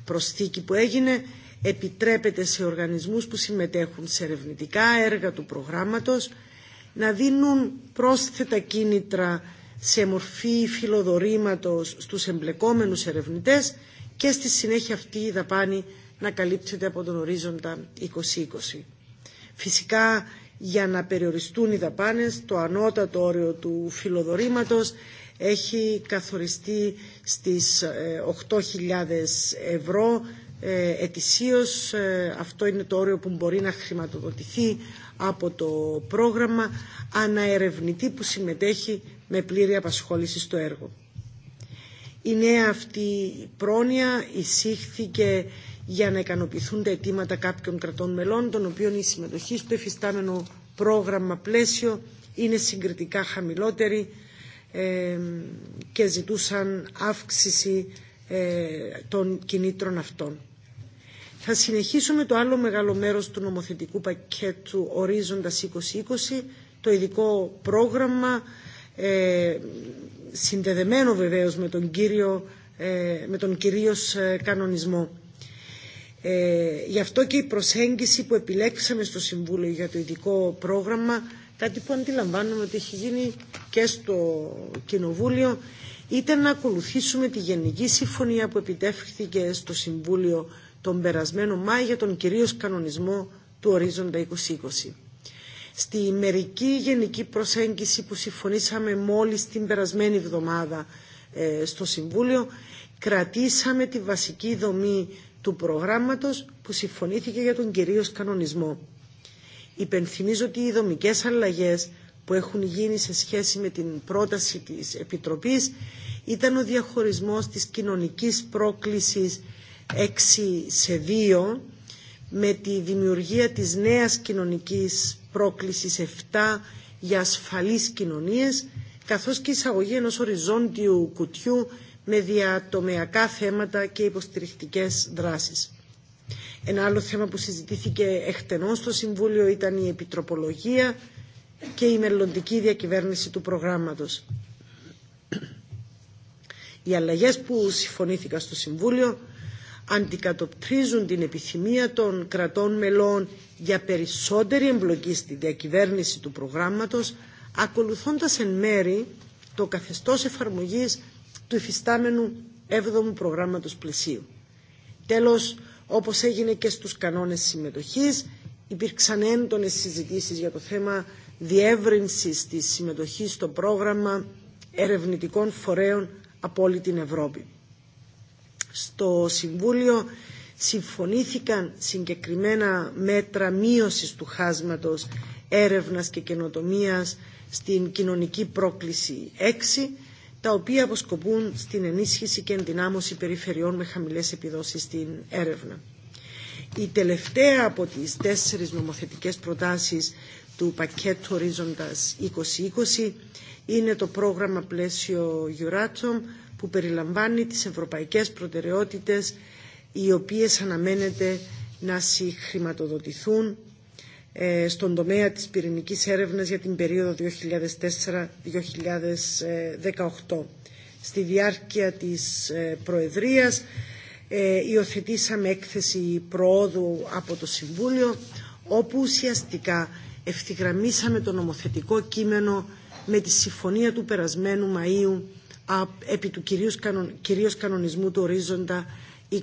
προσθήκη που έγινε επιτρέπεται σε οργανισμούς που συμμετέχουν σε ερευνητικά έργα του προγράμματος να δίνουν πρόσθετα κίνητρα σε μορφή φιλοδορήματος στους εμπλεκόμενους ερευνητές και στη συνέχεια αυτή η δαπάνη να καλύπτεται από τον ορίζοντα 2020. Φυσικά για να περιοριστούν οι δαπάνες το ανώτατο όριο του φιλοδορήματος έχει καθοριστεί στις 8.000 ευρώ ετησίως. Αυτό είναι το όριο που μπορεί να χρηματοδοτηθεί από το πρόγραμμα αναερευνητή που συμμετέχει με πλήρη απασχόληση στο έργο. Η νέα αυτή πρόνοια εισήχθηκε για να ικανοποιηθούν τα αιτήματα κάποιων κρατών μελών, των οποίων η συμμετοχή στο εφιστάμενο πρόγραμμα πλαίσιο είναι συγκριτικά χαμηλότερη ε, και ζητούσαν αύξηση ε, των κινήτρων αυτών. Θα συνεχίσουμε το άλλο μεγάλο μέρος του νομοθετικού πακέτου ορίζοντας 2020, το ειδικό πρόγραμμα ε, συνδεδεμένο βεβαίως με τον, κύριο, ε, με τον κυρίως ε, κανονισμό. Ε, γι' αυτό και η προσέγγιση που επιλέξαμε στο Συμβούλιο για το ειδικό πρόγραμμα, κάτι που αντιλαμβάνομαι ότι έχει γίνει και στο Κοινοβούλιο, ήταν να ακολουθήσουμε τη Γενική Συμφωνία που επιτεύχθηκε στο Συμβούλιο τον περασμένο Μάη για τον κυρίως κανονισμό του ορίζοντα 2020. Στη μερική γενική προσέγγιση που συμφωνήσαμε μόλις την περασμένη εβδομάδα ε, στο Συμβούλιο, κρατήσαμε τη βασική δομή του προγράμματος που συμφωνήθηκε για τον κυρίως κανονισμό. Υπενθυμίζω ότι οι δομικές αλλαγές που έχουν γίνει σε σχέση με την πρόταση της Επιτροπής ήταν ο διαχωρισμός της κοινωνικής πρόκλησης 6 σε 2 με τη δημιουργία της νέας κοινωνικής πρόκλησης 7 για ασφαλείς κοινωνίες καθώς και εισαγωγή ενός οριζόντιου κουτιού με διατομεακά θέματα και υποστηριχτικές δράσεις. Ένα άλλο θέμα που συζητήθηκε εκτενώς στο Συμβούλιο ήταν η επιτροπολογία και η μελλοντική διακυβέρνηση του προγράμματος. Οι αλλαγές που συμφωνήθηκαν στο Συμβούλιο αντικατοπτρίζουν την επιθυμία των κρατών μελών για περισσότερη εμπλοκή στη διακυβέρνηση του προγράμματος, ακολουθώντας εν μέρη το καθεστώς εφαρμογής του υφιστάμενου 7ου προγράμματος πλαισίου. Τέλος, όπως έγινε και στους κανόνες συμμετοχής, υπήρξαν έντονες συζητήσεις για το θέμα διεύρυνσης της συμμετοχής στο πρόγραμμα ερευνητικών φορέων από όλη την Ευρώπη στο Συμβούλιο συμφωνήθηκαν συγκεκριμένα μέτρα μείωσης του χάσματος έρευνας και καινοτομίας στην κοινωνική πρόκληση 6, τα οποία αποσκοπούν στην ενίσχυση και ενδυνάμωση περιφερειών με χαμηλές επιδόσεις στην έρευνα. Η τελευταία από τις τέσσερις νομοθετικές προτάσεις του πακέτου ορίζοντας 2020 είναι το πρόγραμμα πλαίσιο Euratom, που περιλαμβάνει τις ευρωπαϊκές προτεραιότητες οι οποίες αναμένεται να συγχρηματοδοτηθούν ε, στον τομέα της πυρηνικής έρευνας για την περίοδο 2004-2018. Στη διάρκεια της ε, Προεδρίας ε, υιοθετήσαμε έκθεση προόδου από το Συμβούλιο όπου ουσιαστικά ευθυγραμμίσαμε το νομοθετικό κείμενο με τη συμφωνία του περασμένου Μαΐου επί του κυρίως, κυρίως κανονισμού του ορίζοντα 2020.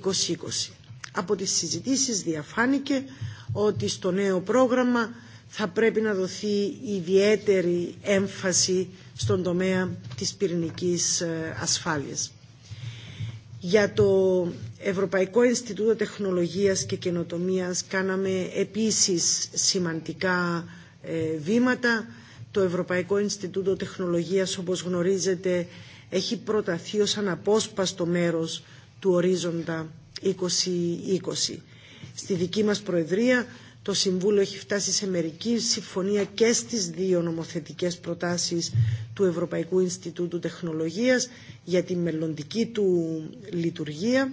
Από τις συζητήσεις διαφάνηκε ότι στο νέο πρόγραμμα θα πρέπει να δοθεί ιδιαίτερη έμφαση στον τομέα της πυρηνικής ασφάλειας. Για το Ευρωπαϊκό Ινστιτούτο Τεχνολογίας και Καινοτομίας κάναμε επίσης σημαντικά βήματα. Το Ευρωπαϊκό Ινστιτούτο Τεχνολογίας, όπως γνωρίζετε, έχει προταθεί ως αναπόσπαστο μέρος του ορίζοντα 2020. Στη δική μας Προεδρία το Συμβούλιο έχει φτάσει σε μερική συμφωνία και στις δύο νομοθετικές προτάσεις του Ευρωπαϊκού Ινστιτούτου Τεχνολογίας για τη μελλοντική του λειτουργία,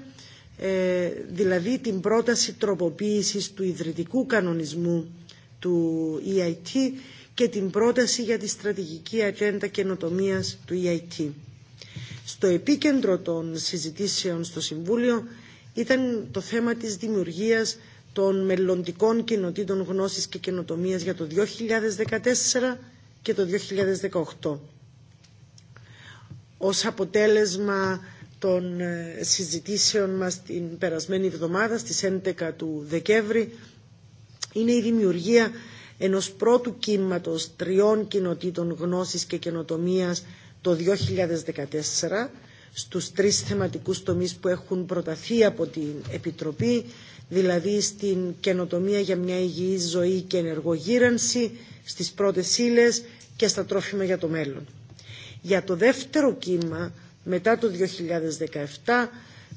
δηλαδή την πρόταση τροποποίησης του ιδρυτικού κανονισμού του EIT και την πρόταση για τη στρατηγική ατζέντα καινοτομίας του EIT. Στο επίκεντρο των συζητήσεων στο Συμβούλιο ήταν το θέμα της δημιουργίας των μελλοντικών κοινοτήτων γνώσης και καινοτομίας για το 2014 και το 2018. Ως αποτέλεσμα των συζητήσεων μας την περασμένη εβδομάδα στις 11 του Δεκέμβρη είναι η δημιουργία ενός πρώτου κύματος τριών κοινοτήτων γνώσης και καινοτομίας το 2014 στους τρεις θεματικούς τομείς που έχουν προταθεί από την Επιτροπή, δηλαδή στην καινοτομία για μια υγιή ζωή και ενεργογύρανση, στις πρώτες ύλε και στα τρόφιμα για το μέλλον. Για το δεύτερο κύμα, μετά το 2017,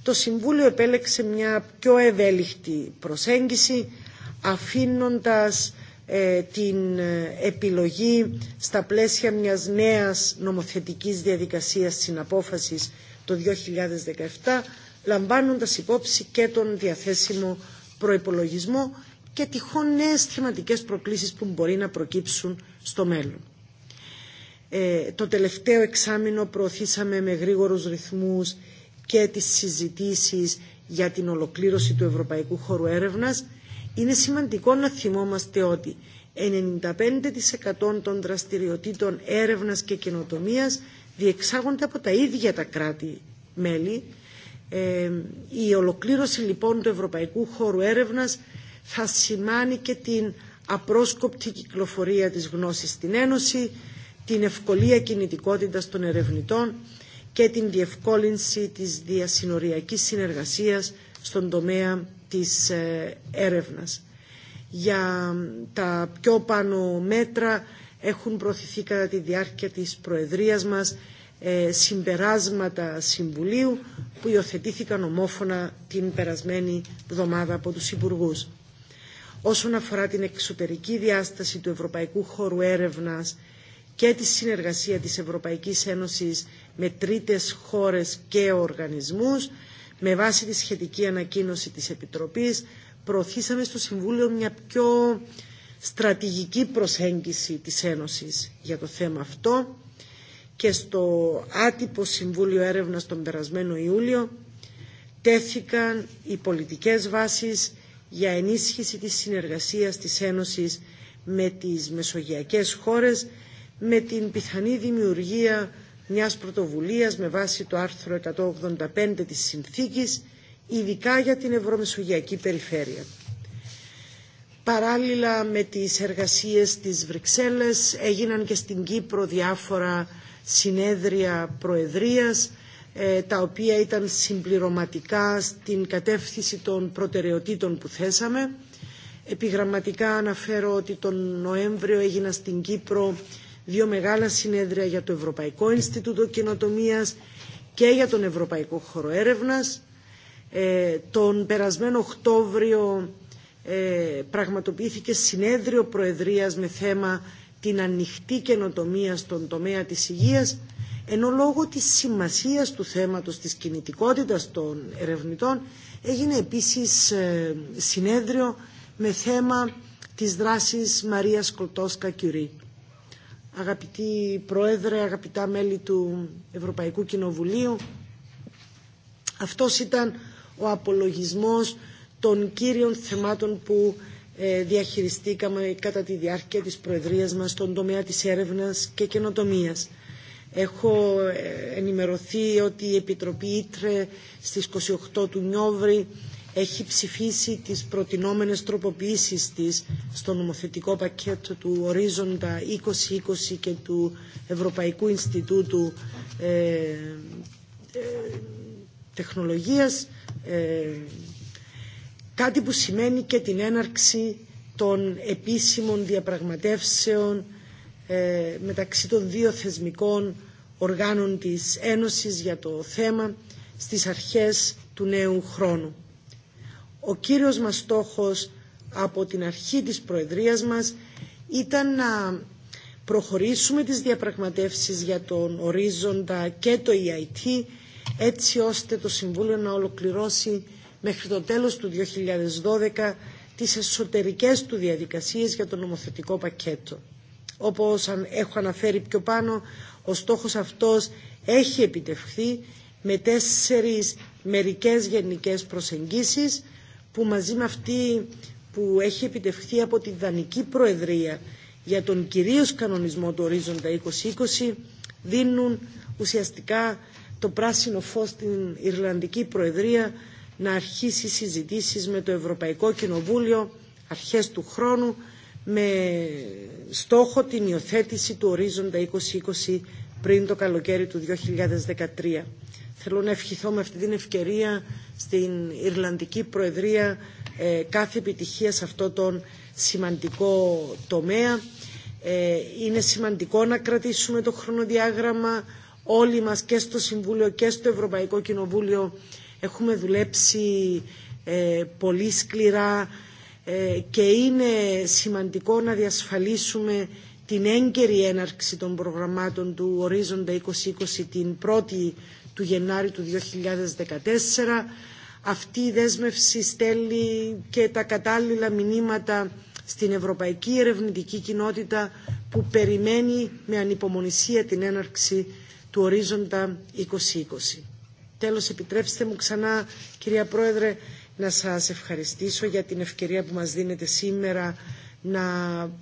το Συμβούλιο επέλεξε μια πιο ευέλικτη προσέγγιση, αφήνοντας την επιλογή στα πλαίσια μιας νέας νομοθετικής διαδικασίας συναπόφασης το 2017, λαμβάνοντας υπόψη και τον διαθέσιμο προϋπολογισμό και τυχόν νέες θεματικές προκλήσεις που μπορεί να προκύψουν στο μέλλον. Ε, το τελευταίο εξάμεινο προωθήσαμε με γρήγορους ρυθμούς και τις συζητήσεις για την ολοκλήρωση του Ευρωπαϊκού Χώρου Έρευνας, Είναι σημαντικό να θυμόμαστε ότι 95% των δραστηριοτήτων έρευνας και κοινοτομίας διεξάγονται από τα ίδια τα κράτη-μέλη. Ε, η ολοκλήρωση λοιπόν του Ευρωπαϊκού Χώρου Έρευνας θα σημάνει και την απρόσκοπτη κυκλοφορία της γνώσης στην Ένωση, την ευκολία κινητικότητας των ερευνητών και την διευκόλυνση της διασυνοριακής συνεργασίας στον τομέα της έρευνας. Για τα πιο πάνω μέτρα έχουν προωθηθεί κατά τη διάρκεια της Προεδρίας μας συμπεράσματα Συμβουλίου που υιοθετήθηκαν ομόφωνα την περασμένη εβδομάδα από τους Υπουργούς. Όσον αφορά την εξωτερική διάσταση του Ευρωπαϊκού Χώρου Έρευνας και τη συνεργασία της Ευρωπαϊκής Ένωσης με τρίτες χώρες και οργανισμούς, Με βάση τη σχετική ανακοίνωση της Επιτροπής προωθήσαμε στο Συμβούλιο μια πιο στρατηγική προσέγγιση της Ένωσης για το θέμα αυτό και στο άτυπο Συμβούλιο Έρευνας τον περασμένο Ιούλιο τέθηκαν οι πολιτικές βάσεις για ενίσχυση της συνεργασίας της Ένωσης με τις μεσογειακές χώρες με την πιθανή δημιουργία μιας πρωτοβουλίας με βάση το άρθρο 185 της Συνθήκης, ειδικά για την Ευρωμεσογειακή Περιφέρεια. Παράλληλα με τις εργασίες της Βρυξέλλες έγιναν και στην Κύπρο διάφορα συνέδρια προεδρίας τα οποία ήταν συμπληρωματικά στην κατεύθυνση των προτεραιοτήτων που θέσαμε. Επιγραμματικά αναφέρω ότι τον Νοέμβριο έγινα στην Κύπρο δύο μεγάλα συνέδρια για το Ευρωπαϊκό Ινστιτούτο Καινοτομίας και για τον Ευρωπαϊκό Χώρο Έρευνας. Ε, τον περασμένο Οκτώβριο ε, πραγματοποιήθηκε συνέδριο Προεδρίας με θέμα την ανοιχτή καινοτομία στον τομέα της υγείας, ενώ λόγω της σημασίας του θέματος της κινητικότητας των ερευνητών έγινε επίσης ε, συνέδριο με θέμα της δράσης Μαρίας Κολτόσκα Κιουρί αγαπητοί Πρόεδρε, αγαπητά μέλη του Ευρωπαϊκού Κοινοβουλίου. Αυτός ήταν ο απολογισμός των κύριων θεμάτων που ε, διαχειριστήκαμε κατά τη διάρκεια της Προεδρίας μας στον τομέα της έρευνας και καινοτομίας. Έχω ενημερωθεί ότι η Επιτροπή Ήτρε στις 28 του Νιόβρη έχει ψηφίσει τις προτινόμενες τροποποιήσεις της στο νομοθετικό πακέτο του ορίζοντα 2020 και του Ευρωπαϊκού Ινστιτούτου ε, ε, Τεχνολογίας, ε, κάτι που σημαίνει και την έναρξη των επίσημων διαπραγματεύσεων ε, μεταξύ των δύο θεσμικών οργάνων της Ένωσης για το θέμα στις αρχές του νέου χρόνου. Ο κύριος μας στόχος από την αρχή της Προεδρίας μας ήταν να προχωρήσουμε τις διαπραγματεύσεις για τον ορίζοντα και το EIT έτσι ώστε το Συμβούλιο να ολοκληρώσει μέχρι το τέλος του 2012 τις εσωτερικές του διαδικασίες για το νομοθετικό πακέτο. Όπως έχω αναφέρει πιο πάνω, ο στόχος αυτός έχει επιτευχθεί με τέσσερις μερικές γενικές προσεγγίσεις που μαζί με αυτή που έχει επιτευχθεί από τη Δανική Προεδρία για τον κυρίως κανονισμό του ορίζοντα 2020 δίνουν ουσιαστικά το πράσινο φως στην Ιρλανδική Προεδρία να αρχίσει συζητήσεις με το Ευρωπαϊκό Κοινοβούλιο αρχές του χρόνου με στόχο την υιοθέτηση του ορίζοντα 2020 πριν το καλοκαίρι του 2013. Θέλω να ευχηθώ με αυτή την ευκαιρία στην Ιρλανδική Προεδρία ε, κάθε επιτυχία σε αυτό τον σημαντικό τομέα. Ε, είναι σημαντικό να κρατήσουμε το χρονοδιάγραμμα όλοι μας και στο Συμβούλιο και στο Ευρωπαϊκό Κοινοβούλιο έχουμε δουλέψει ε, πολύ σκληρά ε, και είναι σημαντικό να διασφαλίσουμε την έγκαιρη έναρξη των προγραμμάτων του Ορίζοντα 2020 την πρώτη του Γενάρη του 2014. Αυτή η δέσμευση στέλνει και τα κατάλληλα μηνύματα στην ευρωπαϊκή ερευνητική κοινότητα που περιμένει με ανυπομονησία την έναρξη του ορίζοντα 2020. Τέλος, επιτρέψτε μου ξανά, κυρία Πρόεδρε, να σας ευχαριστήσω για την ευκαιρία που μας δίνετε σήμερα να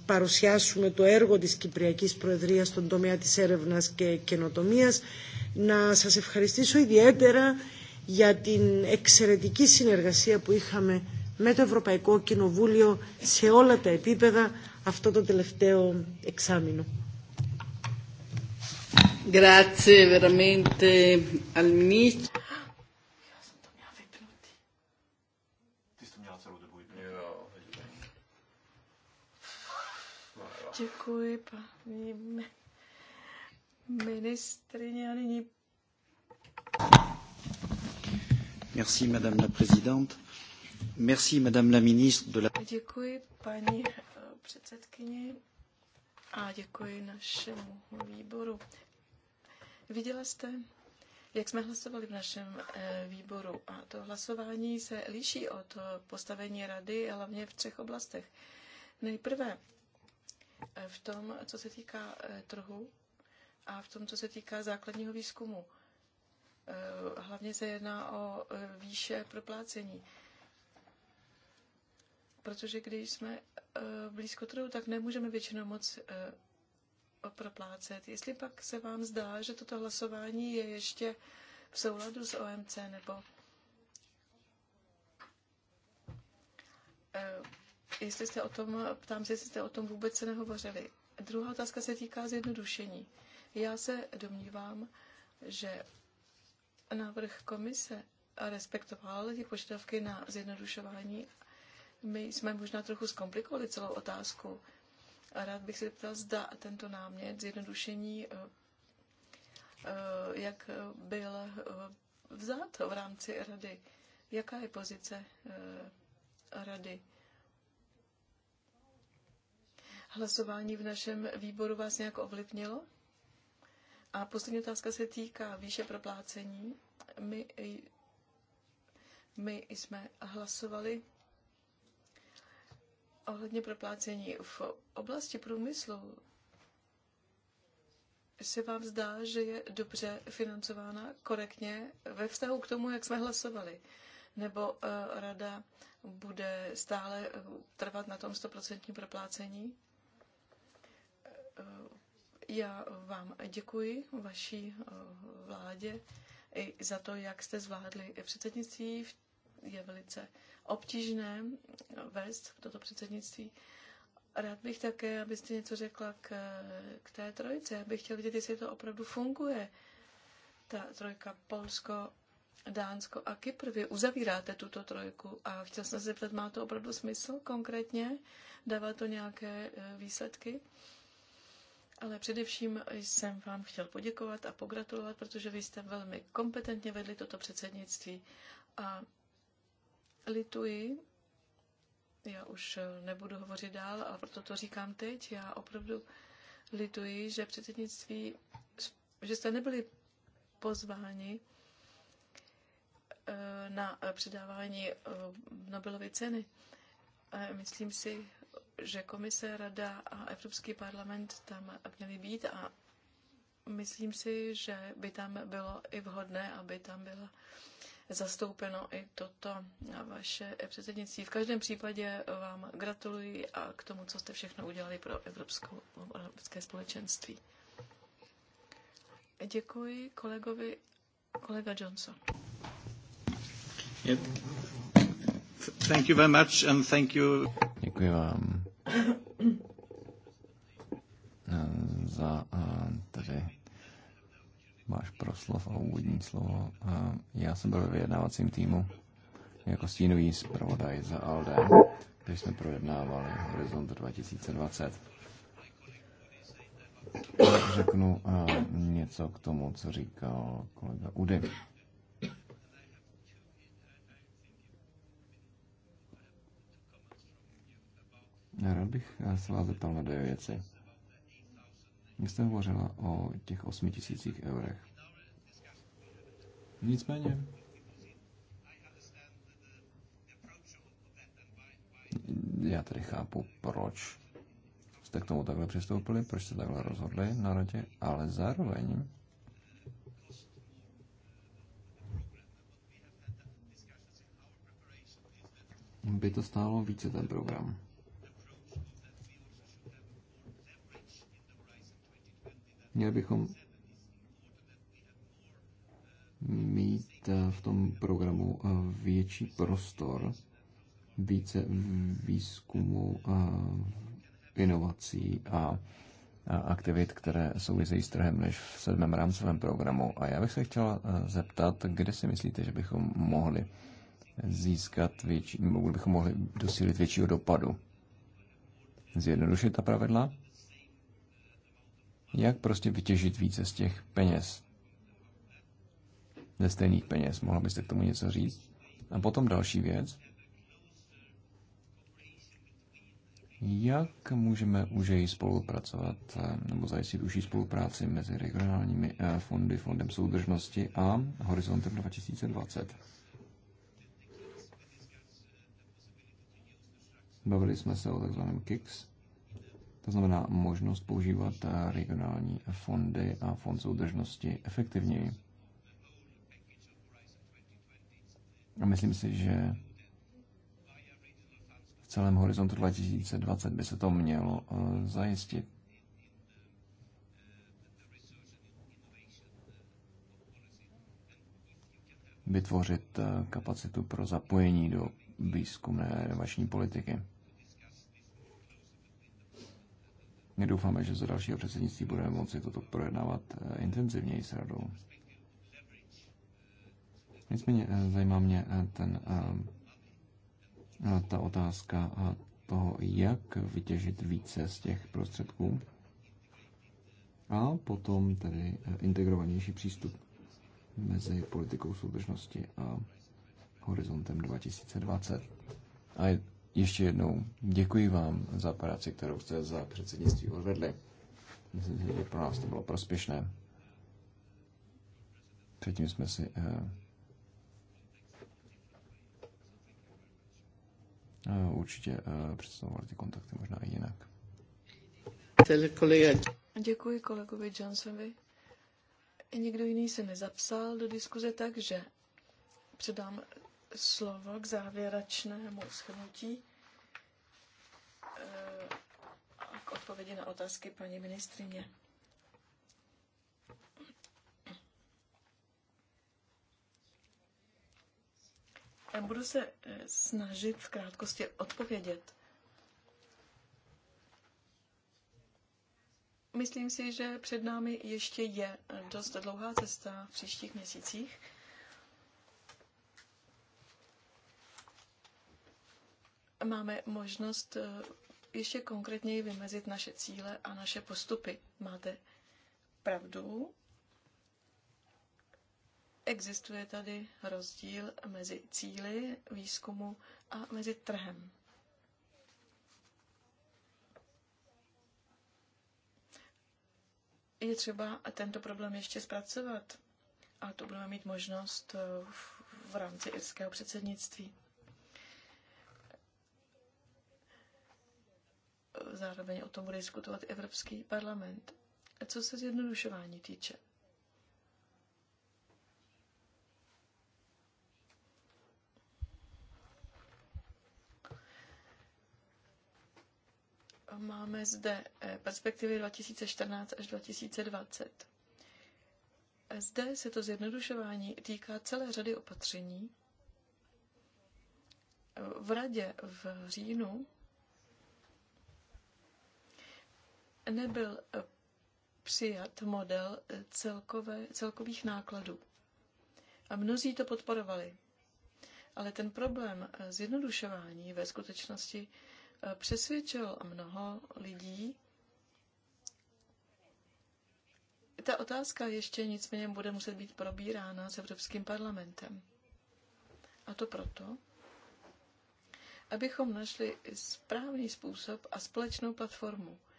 παρουσιάσουμε το έργο της Κυπριακής Προεδρίας στον τομέα της έρευνας και καινοτομίας να σας ευχαριστήσω ιδιαίτερα για την εξαιρετική συνεργασία που είχαμε με το Ευρωπαϊκό Κοινοβούλιο σε όλα τα επίπεδα αυτό το τελευταίο εξάμεινο. Grazie veramente al ministro. Děkuji, paní ministryně a nyní. Merci, madame la présidente. Merci, madame la ministre de la... Děkuji, paní eh, předsedkyni a děkuji našemu výboru. Viděla jste, jak jsme hlasovali v našem eh, výboru a to hlasování se liší od postavení rady hlavně v třech oblastech. Nejprve eh, v tom, co se týká trhu a v tom, co se týká základního výzkumu. Eh, hlavně se jedná o eh, výše proplácení. Protože když jsme eh, blízko trhu, tak nemůžeme většinou moc proplácet. Jestli pak se vám zdá, že toto hlasování je ještě v souladu s OMC nebo jestli jste o tom, ptám se, jestli jste o tom vůbec se nehovořili. Druhá otázka se týká zjednodušení. Já se domnívám, že návrh komise respektoval ty požadavky na zjednodušování. My jsme možná trochu zkomplikovali celou otázku. A rád bych se zeptal, zda tento námět zjednodušení, eh, eh, jak byl eh, vzat v rámci rady. Jaká je pozice rady? Hlasování v našem výboru vás nějak ovlivnilo? A poslední otázka se týká výše proplácení. My, my jsme hlasovali ohledně proplácení v oblasti průmyslu. Se vám zdá, že je dobře financována korektně ve vztahu k tomu, jak jsme hlasovali? Nebo eh, rada bude stále trvat na tom 100% proplácení? Eh, já vám děkuji, vaší eh, vládě, i za to, jak jste zvládli předsednictví. Je velice obtížné eh, vést toto předsednictví. Rád bych také, abyste něco řekla k, eh, k té trojce. Já bych chtěl vidět, jestli to opravdu funguje. Ta trojka Polsko, Dánsko a Kypr. Vy uzavíráte tuto trojku a chtěl jsem se zeptat, má to opravdu smysl konkrétně? Dává to nějaké výsledky? ale především jsem vám chtěl poděkovat a pogratulovat, protože vy jste velmi kompetentně vedli toto předsednictví a lituji, já už nebudu hovořit dál, ale proto to říkám teď, já opravdu lituji, že předsednictví, že jste nebyli pozváni eh, na předávání eh, Nobelovy ceny. Myslím si, že komise, rada a Evropský parlament tam měly být a myslím si, že by tam bylo i vhodné, aby tam byla zastoupeno i toto na vaše předsednictví. V každém případě vám gratuluji a k tomu, co jste všechno udělali pro Evropskou, Evropské společenství. Děkuji kolegovi, kolega Johnson. Thank you very much and thank you. Děkuji vám eh, za eh, tady váš proslov a úvodní slovo. Eh, já jsem byl ve vyjednávacím týmu jako stínový zpravodaj za ALDE, když jsme projednávali Horizont 2020. Řeknu něco k tomu, co říkal kolega Udy. Rád bych eh, se vás zeptal na dvě věci. Vy jste hovořila o těch 8 tisících eurech. Nicméně, já tedy chápu, proč jste k tomu takhle přistoupili, proč jste takhle rozhodli na radě, ale zároveň by to stálo více ten program. Měli bychom mít eh, v tom programu eh, větší prostor, více výzkumu, eh, inovací a aktivit, které souvisejí s trhem než v sedmém rámcovém programu. A já bych se chtěl zeptat, kde si myslíte, že bychom mohli získat větší, nebo bychom mohli dosílit většího dopadu? Zjednodušit ta pravidla jak prostě vytěžit více z těch peněz? Ze stejných peněz. Mohla byste k tomu něco říct? A potom další věc. Jak můžeme její spolupracovat eh, nebo zajistit užší spolupráci mezi regionálními eh, fondy, Fondem soudržnosti a Horizontem 2020? Bavili jsme se o takzvaném KICS, to znamená možnost používat eh, regionální fondy a fond soudržnosti efektivněji. A myslím si, že v celém horizontu 2020 by se to mělo eh, zajistit. Vytvořit eh, kapacitu pro zapojení do výzkumné vaší politiky. My doufáme, že za dalšího předsednictví budeme moci toto projednávat eh, intenzivněji s radou. Nicméně eh, zajímá mě eh, ten, ta otázka toho, jak vytěžit více z těch prostředků a potom tedy integrovanější přístup mezi politikou soudržnosti a horizontem 2020. A je ještě jednou děkuji vám za práci, kterou jste za předsednictví odvedli. Myslím si, že pro nás to bylo prospěšné. Předtím jsme si uh, určitě uh, představovali ty kontakty možná i jinak. Děkuji kolegovi Johnsonovi. Nikdo jiný se nezapsal do diskuze, takže předám slovo k závěračnému shrnutí eh, a k odpovědi na otázky paní ministrině. Já budu se eh, snažit v krátkosti odpovědět. Myslím si, že před námi ještě je eh, dost dlouhá cesta v příštích měsících. máme možnost eh, ještě konkrétněji vymezit naše cíle a naše postupy. Máte pravdu. Existuje tady rozdíl mezi cíly výzkumu a mezi trhem. Je třeba tento problém ještě zpracovat. A to budeme mít možnost eh, v rámci irského předsednictví. zároveň o tom bude diskutovat Evropský parlament. A co se zjednodušování týče? Máme zde eh, perspektivy 2014 až 2020. Zde se to zjednodušování týká celé řady opatření. V radě v říjnu nebyl eh, přijat model eh, celkové, celkových nákladů. A mnozí to podporovali. Ale ten problém eh, zjednodušování ve skutečnosti přesvědčil mnoho lidí. Ta otázka ještě nicméně bude muset být probírána s Evropským parlamentem. A to proto, abychom našli správný způsob a společnou platformu –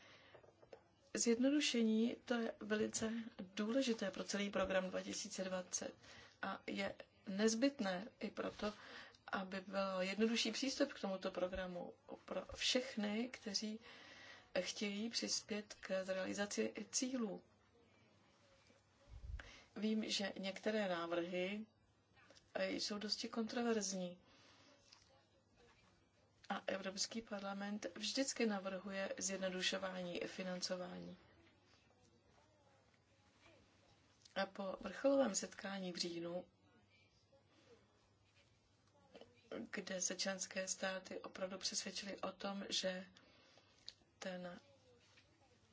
Zjednodušení to je velice důležité pro celý program 2020 a je nezbytné i proto, aby byl jednodušší přístup k tomuto programu pro všechny, kteří chtějí přispět k realizaci cílů. Vím, že některé návrhy jsou dosti kontroverzní. A Evropský parlament vždycky navrhuje zjednodušování financování. A po vrcholovém setkání v říjnu, kde se členské státy opravdu přesvědčily o tom, že ten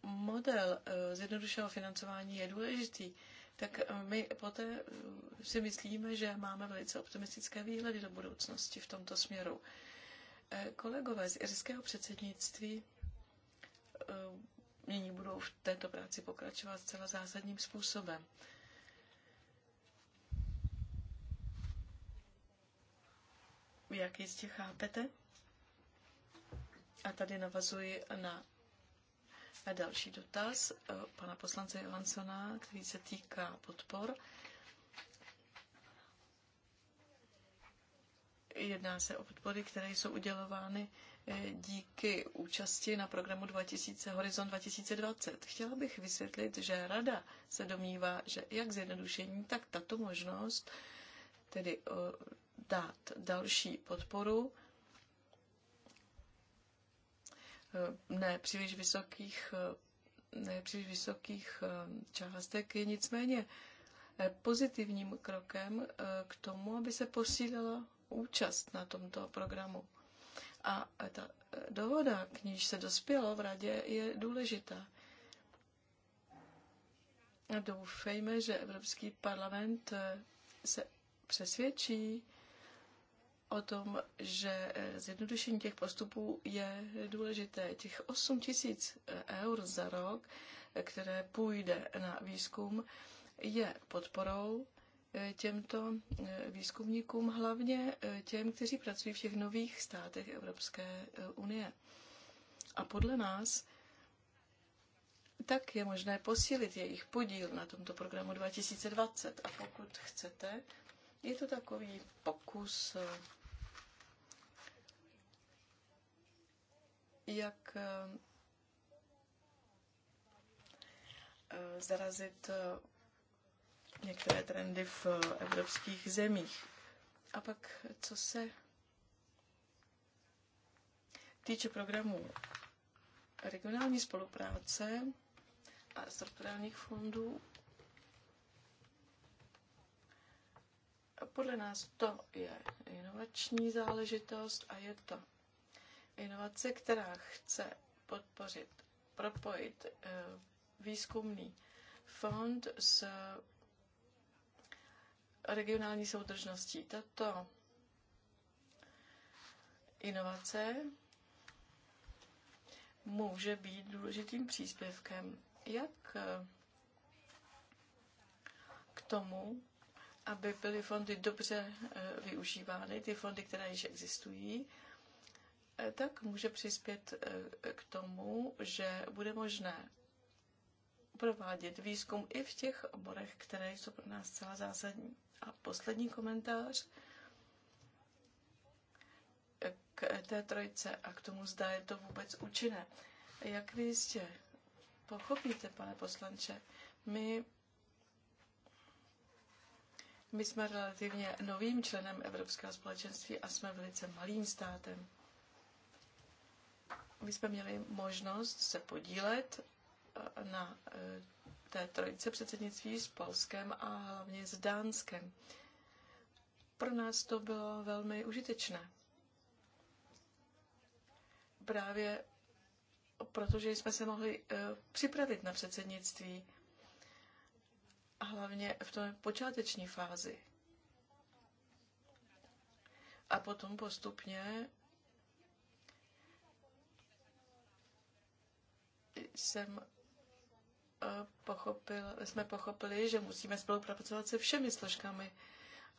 model eh, zjednodušeného financování je důležitý, tak my poté eh, si myslíme, že máme velice optimistické výhledy do budoucnosti v tomto směru. Kolegové z irského předsednictví eh, nyní budou v této práci pokračovat zcela zásadním způsobem. Jak jistě chápete, a tady navazuji na další dotaz eh, pana poslance Johansona, který se týká podpor. Jedná se o podpory, které jsou udělovány eh, díky účasti na programu 2000, Horizon 2020. Chtěla bych vysvětlit, že Rada se domnívá, že jak zjednodušení, tak tato možnost, tedy dát další podporu, eh, ne příliš vysokých, eh, ne příliš vysokých částek, je nicméně pozitivním krokem k tomu, aby se posílila účast na tomto programu. A ta dohoda, k níž se dospělo v radě, je důležitá. A doufejme, že Evropský parlament se přesvědčí o tom, že zjednodušení těch postupů je důležité. Těch 8 tisíc eur za rok, které půjde na výzkum, je podporou těmto eh, výzkumníkům, hlavně eh, těm, kteří pracují v těch nových státech Evropské eh, unie. A podle nás tak je možné posílit jejich podíl na tomto programu 2020. A pokud chcete, je to takový pokus, jak zarazit některé trendy v eh, evropských zemích. A pak, co se týče programu regionální spolupráce a strukturálních fondů, podle nás to je inovační záležitost a je to inovace, která chce podpořit, propojit eh, výzkumný fond s regionální soudržností. Tato inovace může být důležitým příspěvkem jak eh, k tomu, aby byly fondy dobře eh, využívány, ty fondy, které již existují, eh, tak může přispět k tomu, že bude možné provádět výzkum i v těch oborech, které jsou pro nás celá zásadní. A poslední komentář k té trojce a k tomu, zda je to vůbec účinné. Jak vy jistě pochopíte, pane poslanče, my, my jsme relativně novým členem Evropského společenství a jsme velice malým státem. My jsme měli možnost se podílet na eh, té trojice předsednictví s Polskem a hlavně s Dánskem. Pro nás to bylo velmi užitečné. Právě protože jsme se mohli eh, připravit na předsednictví a hlavně v té počáteční fázi. A potom postupně jsem pochopil, jsme pochopili, že musíme spolupracovat se všemi složkami.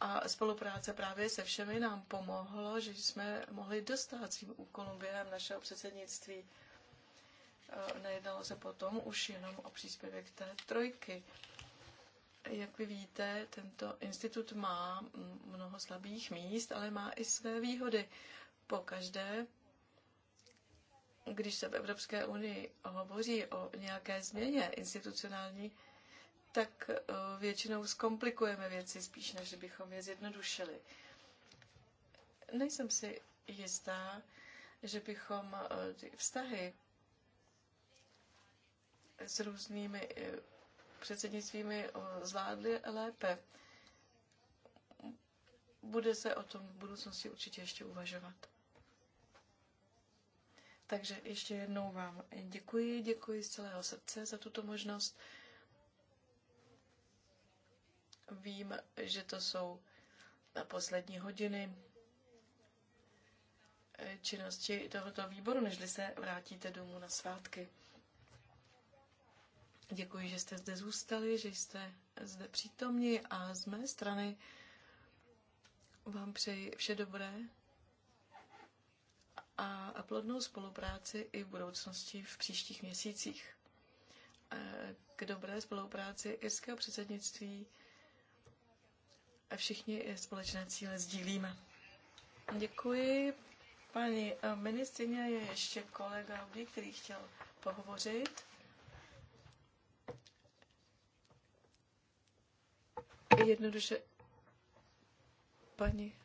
A spolupráce právě se všemi nám pomohlo, že jsme mohli dostat svým úkolům během našeho předsednictví. Nejednalo se potom už jenom o příspěvek té trojky. Jak vy víte, tento institut má mnoho slabých míst, ale má i své výhody. Po každé když se v Evropské unii hovoří o nějaké změně institucionální, tak e, většinou zkomplikujeme věci spíš, než bychom je zjednodušili. Nejsem si jistá, že bychom e, ty vztahy s různými e, předsednictvími zvládli lépe. Bude se o tom v budoucnosti určitě ještě uvažovat. Takže ještě jednou vám děkuji, děkuji z celého srdce za tuto možnost. Vím, že to jsou na poslední hodiny činnosti tohoto výboru, nežli se vrátíte domů na svátky. Děkuji, že jste zde zůstali, že jste zde přítomni a z mé strany vám přeji vše dobré a plodnou spolupráci i v budoucnosti v příštích měsících. E, k dobré spolupráci irského předsednictví a všichni společné cíle sdílíme. Děkuji. Pani e, ministrině je ještě kolega který chtěl pohovořit. Jednoduše, paní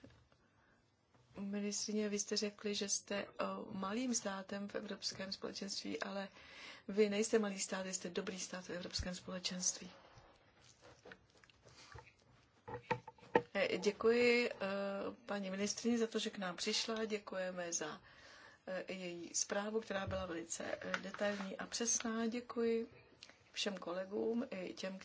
ministrině, vy jste řekli, že jste eh, malým státem v Evropském společenství, ale vy nejste malý stát, jste dobrý stát v Evropském společenství. Eh, děkuji eh, paní ministrině za to, že k nám přišla. Děkujeme za její zprávu, která byla velice detailní a přesná. Děkuji všem kolegům i těm, kteří